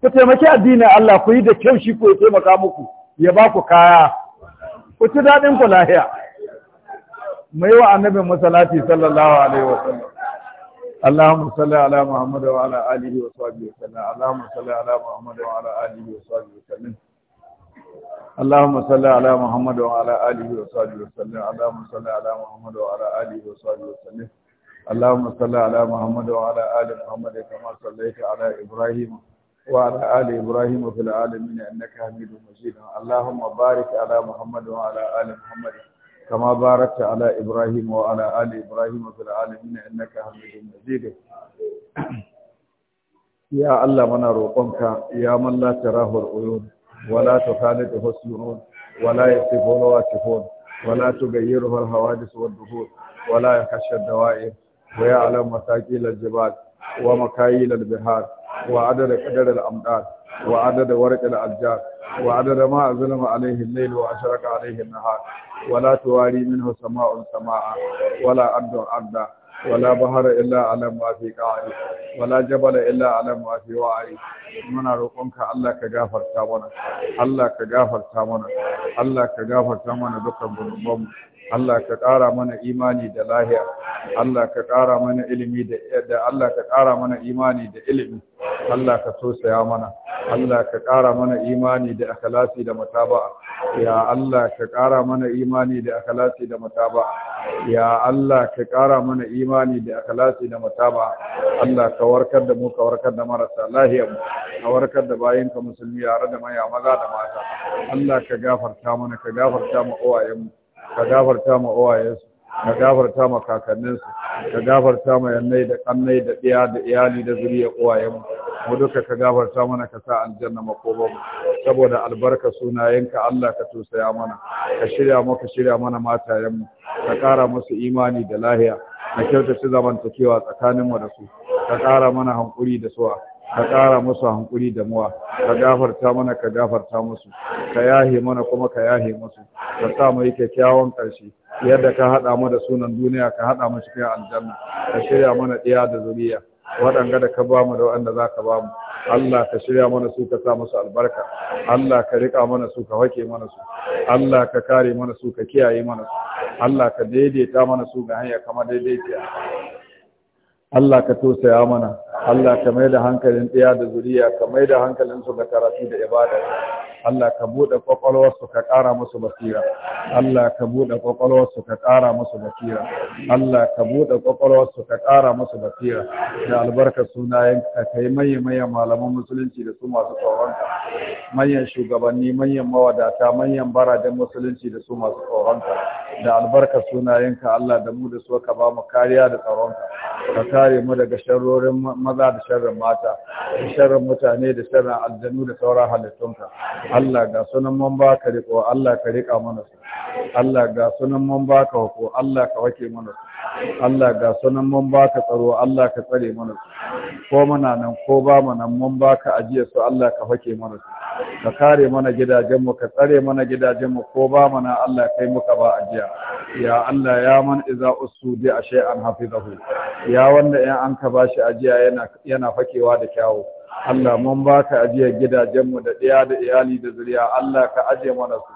Speaker 2: ku taimaki addinin Allah ku yi da kyau shi ku ya taimaka muku ya ba ku kaya ku ci daɗin ku lahiya mu yi wa annabin masalati sallallahu alaihi wa sallam اللهم صل على محمد وعلى اله وصحبه وسلم اللهم صل على محمد وعلى اله وصحبه وسلم اللهم صل على محمد وعلى آله وصحبه وسلم اللهم صل على محمد وعلى آله وصحبه وسلم اللهم صل على محمد وعلى آل محمد كما صليت على إبراهيم وعلى آل إبراهيم في العالمين إنك حميد مجيد اللهم بارك على محمد وعلى آل محمد كما باركت على إبراهيم وعلى آل إبراهيم في العالمين إنك حميد مجيد يا الله منا روقك يا من لا تراه العيون ولا تخالطه السنون ولا يصفه الواصفون ولا تغيره الحوادث والدهور ولا يخشى الدوائر ويعلم مساكيل الجبال ومكاييل البحار وعدد قدر الأمداد وعدد ورق الأشجار وعدد ما ظلم عليه الليل وأشرق عليه النهار ولا تواري منه سماء سماء ولا أرض أرضا ولا بحر الا على ما في قعر ولا جبل الا على ما في وعر منا روقنك الله ka gafarta mana Allah ka gafarta mana Allah ka gafarta mana dukkan bunubanmu Allah ka ƙara mana imani da lahiya Allah ka ƙara mana ilimi da Allah ka ƙara mana imani da ilimi Allah ka tosaya mana Allah ka ƙara mana imani da akhlasi da mutaba'a ya Allah ka ƙara mana imani da akhlasi da mutaba'a ya Allah ka ƙara mana imani da akhlasi da mutaba'a Allah ka warkar da mu ka warkar da marasa lahiya mu ka warkar da ka musulmi yare da maya maza da mata Allah ka gafarta mana ka gafarta mu uwayen mu ka gafarta ma uwayensu ka gafarta ma kakanninsu ka gafarta ma yannai da kannai da ɗiya da iyali da zuriya uwayenmu mu duka ka gafarta mana ka sa aljanna makobanmu saboda albarka sunayenka Allah ka tusaya mana ka shirya mu ka shirya mana matayenmu ka ƙara musu imani da lahiya ka kyautata zamantakewa tsakaninmu da su ka ƙara mana hankuri da su'a ka ƙara musu hankuri da muwa ka gafarta mana ka gafarta musu ka yahe mana kuma ka yahe musu ka sa mu yi kyakkyawan ƙarshe yadda ka haɗa mu da sunan duniya ka haɗa mu cikin aljanna ka shirya mana ɗiya da zuriya waɗanda da ka bamu da waɗanda za ka bamu Allah ka shirya mana su ka sa musu albarka Allah ka riƙa mana su ka wake mana su Allah ka kare mana su ka kiyaye mana su Allah ka daidaita mana su ga hanya kama daidaita Allah ka tosaya mana Allah ka mai da hankalin ɗaya da zuriya ka mai da hankalinsu ga karatu da ibada Allah ka buɗe ƙwaƙwalwarsu ka ƙara musu basira Allah ka buɗe ƙwaƙwalwarsu ka ƙara musu basira Allah ka buɗe ƙwaƙwalwarsu ka ƙara musu basira da albarkar sunayen ka kai manyan manyan malaman musulunci da su masu ka manyan shugabanni manyan mawadata manyan baraden musulunci da su masu ka da albarkar sunayen ka Allah da mu da su ka ba mu kariya da tsaronka ka kare mu daga sharrorin maza da sharrin mata da sharrin mutane da sharrin aljanu da sauran halittunka Allah ga sunan mun baka riko Allah ka rika mana su Allah ga sunan mun baka hako Allah ka wake mana su Allah ga sunan mun baka tsaro Allah ka tsare mana ko muna nan ko ba mu nan mun baka ajiya su Allah ka hake mana ka kare mana gidajen mu ka tsare mana gidajen mu ko ba mu Allah kai muka ba ajiya ya Allah ya man iza usudi a shay'an hafizahu ya wanda in an ka bashi ajiya yana yana fakewa da kyawu Allah mun baka ajiyar gidajenmu da ɗaya da iyali da zuriya Allah ka aje mana su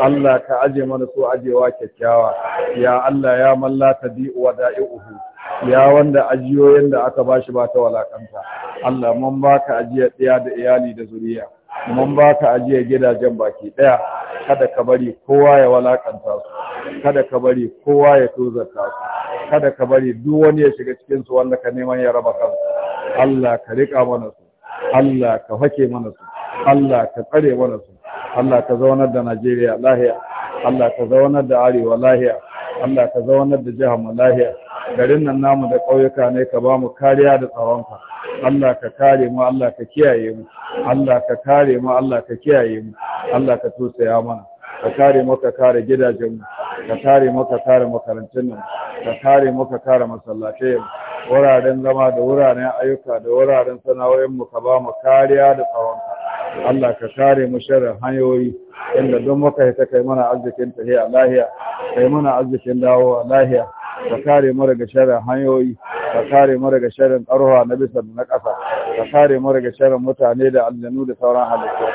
Speaker 2: Allah ka aje mana so ajewa kyakkyawa ya Allah ya malla bi wa da'i'uhu ya wanda ajiyoyin da aka bashi ba ta walakanta Allah mun baka ajiya ɗaya da iyali da zuriya mun baka ajiya gidajen baki ɗaya. kada ka bari kowa ya walakanta su kada ka bari kowa ya tozarta su kada ka bari duk wani ya shiga cikin su wanda ka neman ya raba kansu Allah ka rika mana su Allah ka hake mana su Allah ka tsare mana su Allah ka zaunar da Najeriya lahiya Allah ka zaunar da Arewa lahiya Allah ka zaunar da jihar mu lahiya garin nan namu da ƙauyuka ne ka ba mu kariya da tsaronka Allah ka kare mu Allah ka kiyaye mu Allah ka kare mu Allah ka kiyaye mu Allah ka tosaya mana ka kare mu ka kare gidajenmu ka kare mu ka kare makarantunmu ka kare mu ka kare masallatai wuraren zama da wuraren ayyuka da wuraren sana'o'inmu ka ba mu kariya da tsawonka Allah ka kare mu sharrin hanyoyi inda don muka ta kai mana arzikin a lahiya kai mana arzikin a lahiya ka kare mu daga sharrin hanyoyi ka kare mu daga sharrin karuwa na bisa da na ƙasa ka kare mu daga sharrin mutane da aljanu da sauran halittu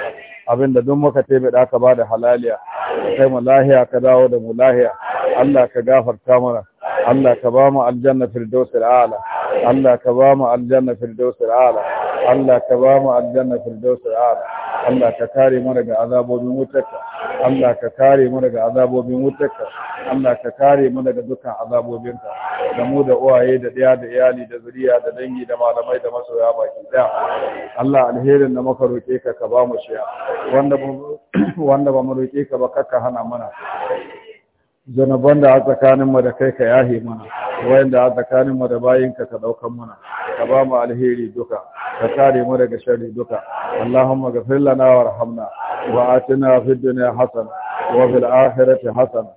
Speaker 2: abinda don muka tebe da aka bada halaliya
Speaker 1: ka kai mu
Speaker 2: lahiya ka dawo da mu lahiya Allah ka gafarta mana Allah ka ba mu aljanna firdausil a'la Allah ka ba mu aljanna firdausil a'la Allah ka ba mu aljanna firdausul a'la Allah ka kare mu daga azabobin wutarka Allah ka kare mu daga azabobin wutarka Allah ka kare mu daga dukkan azabobinka da mu da uwaye da ɗaya da iyali da zuriya da dangi da malamai da masoya baki daya Allah alherin da muka roƙe ka ka ba mu shi wanda ba mu roƙe ka ba kakka hana mana zanaban da a mu da kai ka yahe mana wayan da a tsakaninmu da bayinka ka ɗaukan mana ka ba mu alheri duka ka kare mu daga sharri duka allahumma ghafir lana warhamna wa atina fid dunya hasana wa fil akhirati hasana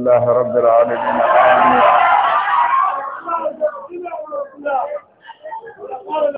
Speaker 2: لله رب العالمين
Speaker 1: آمين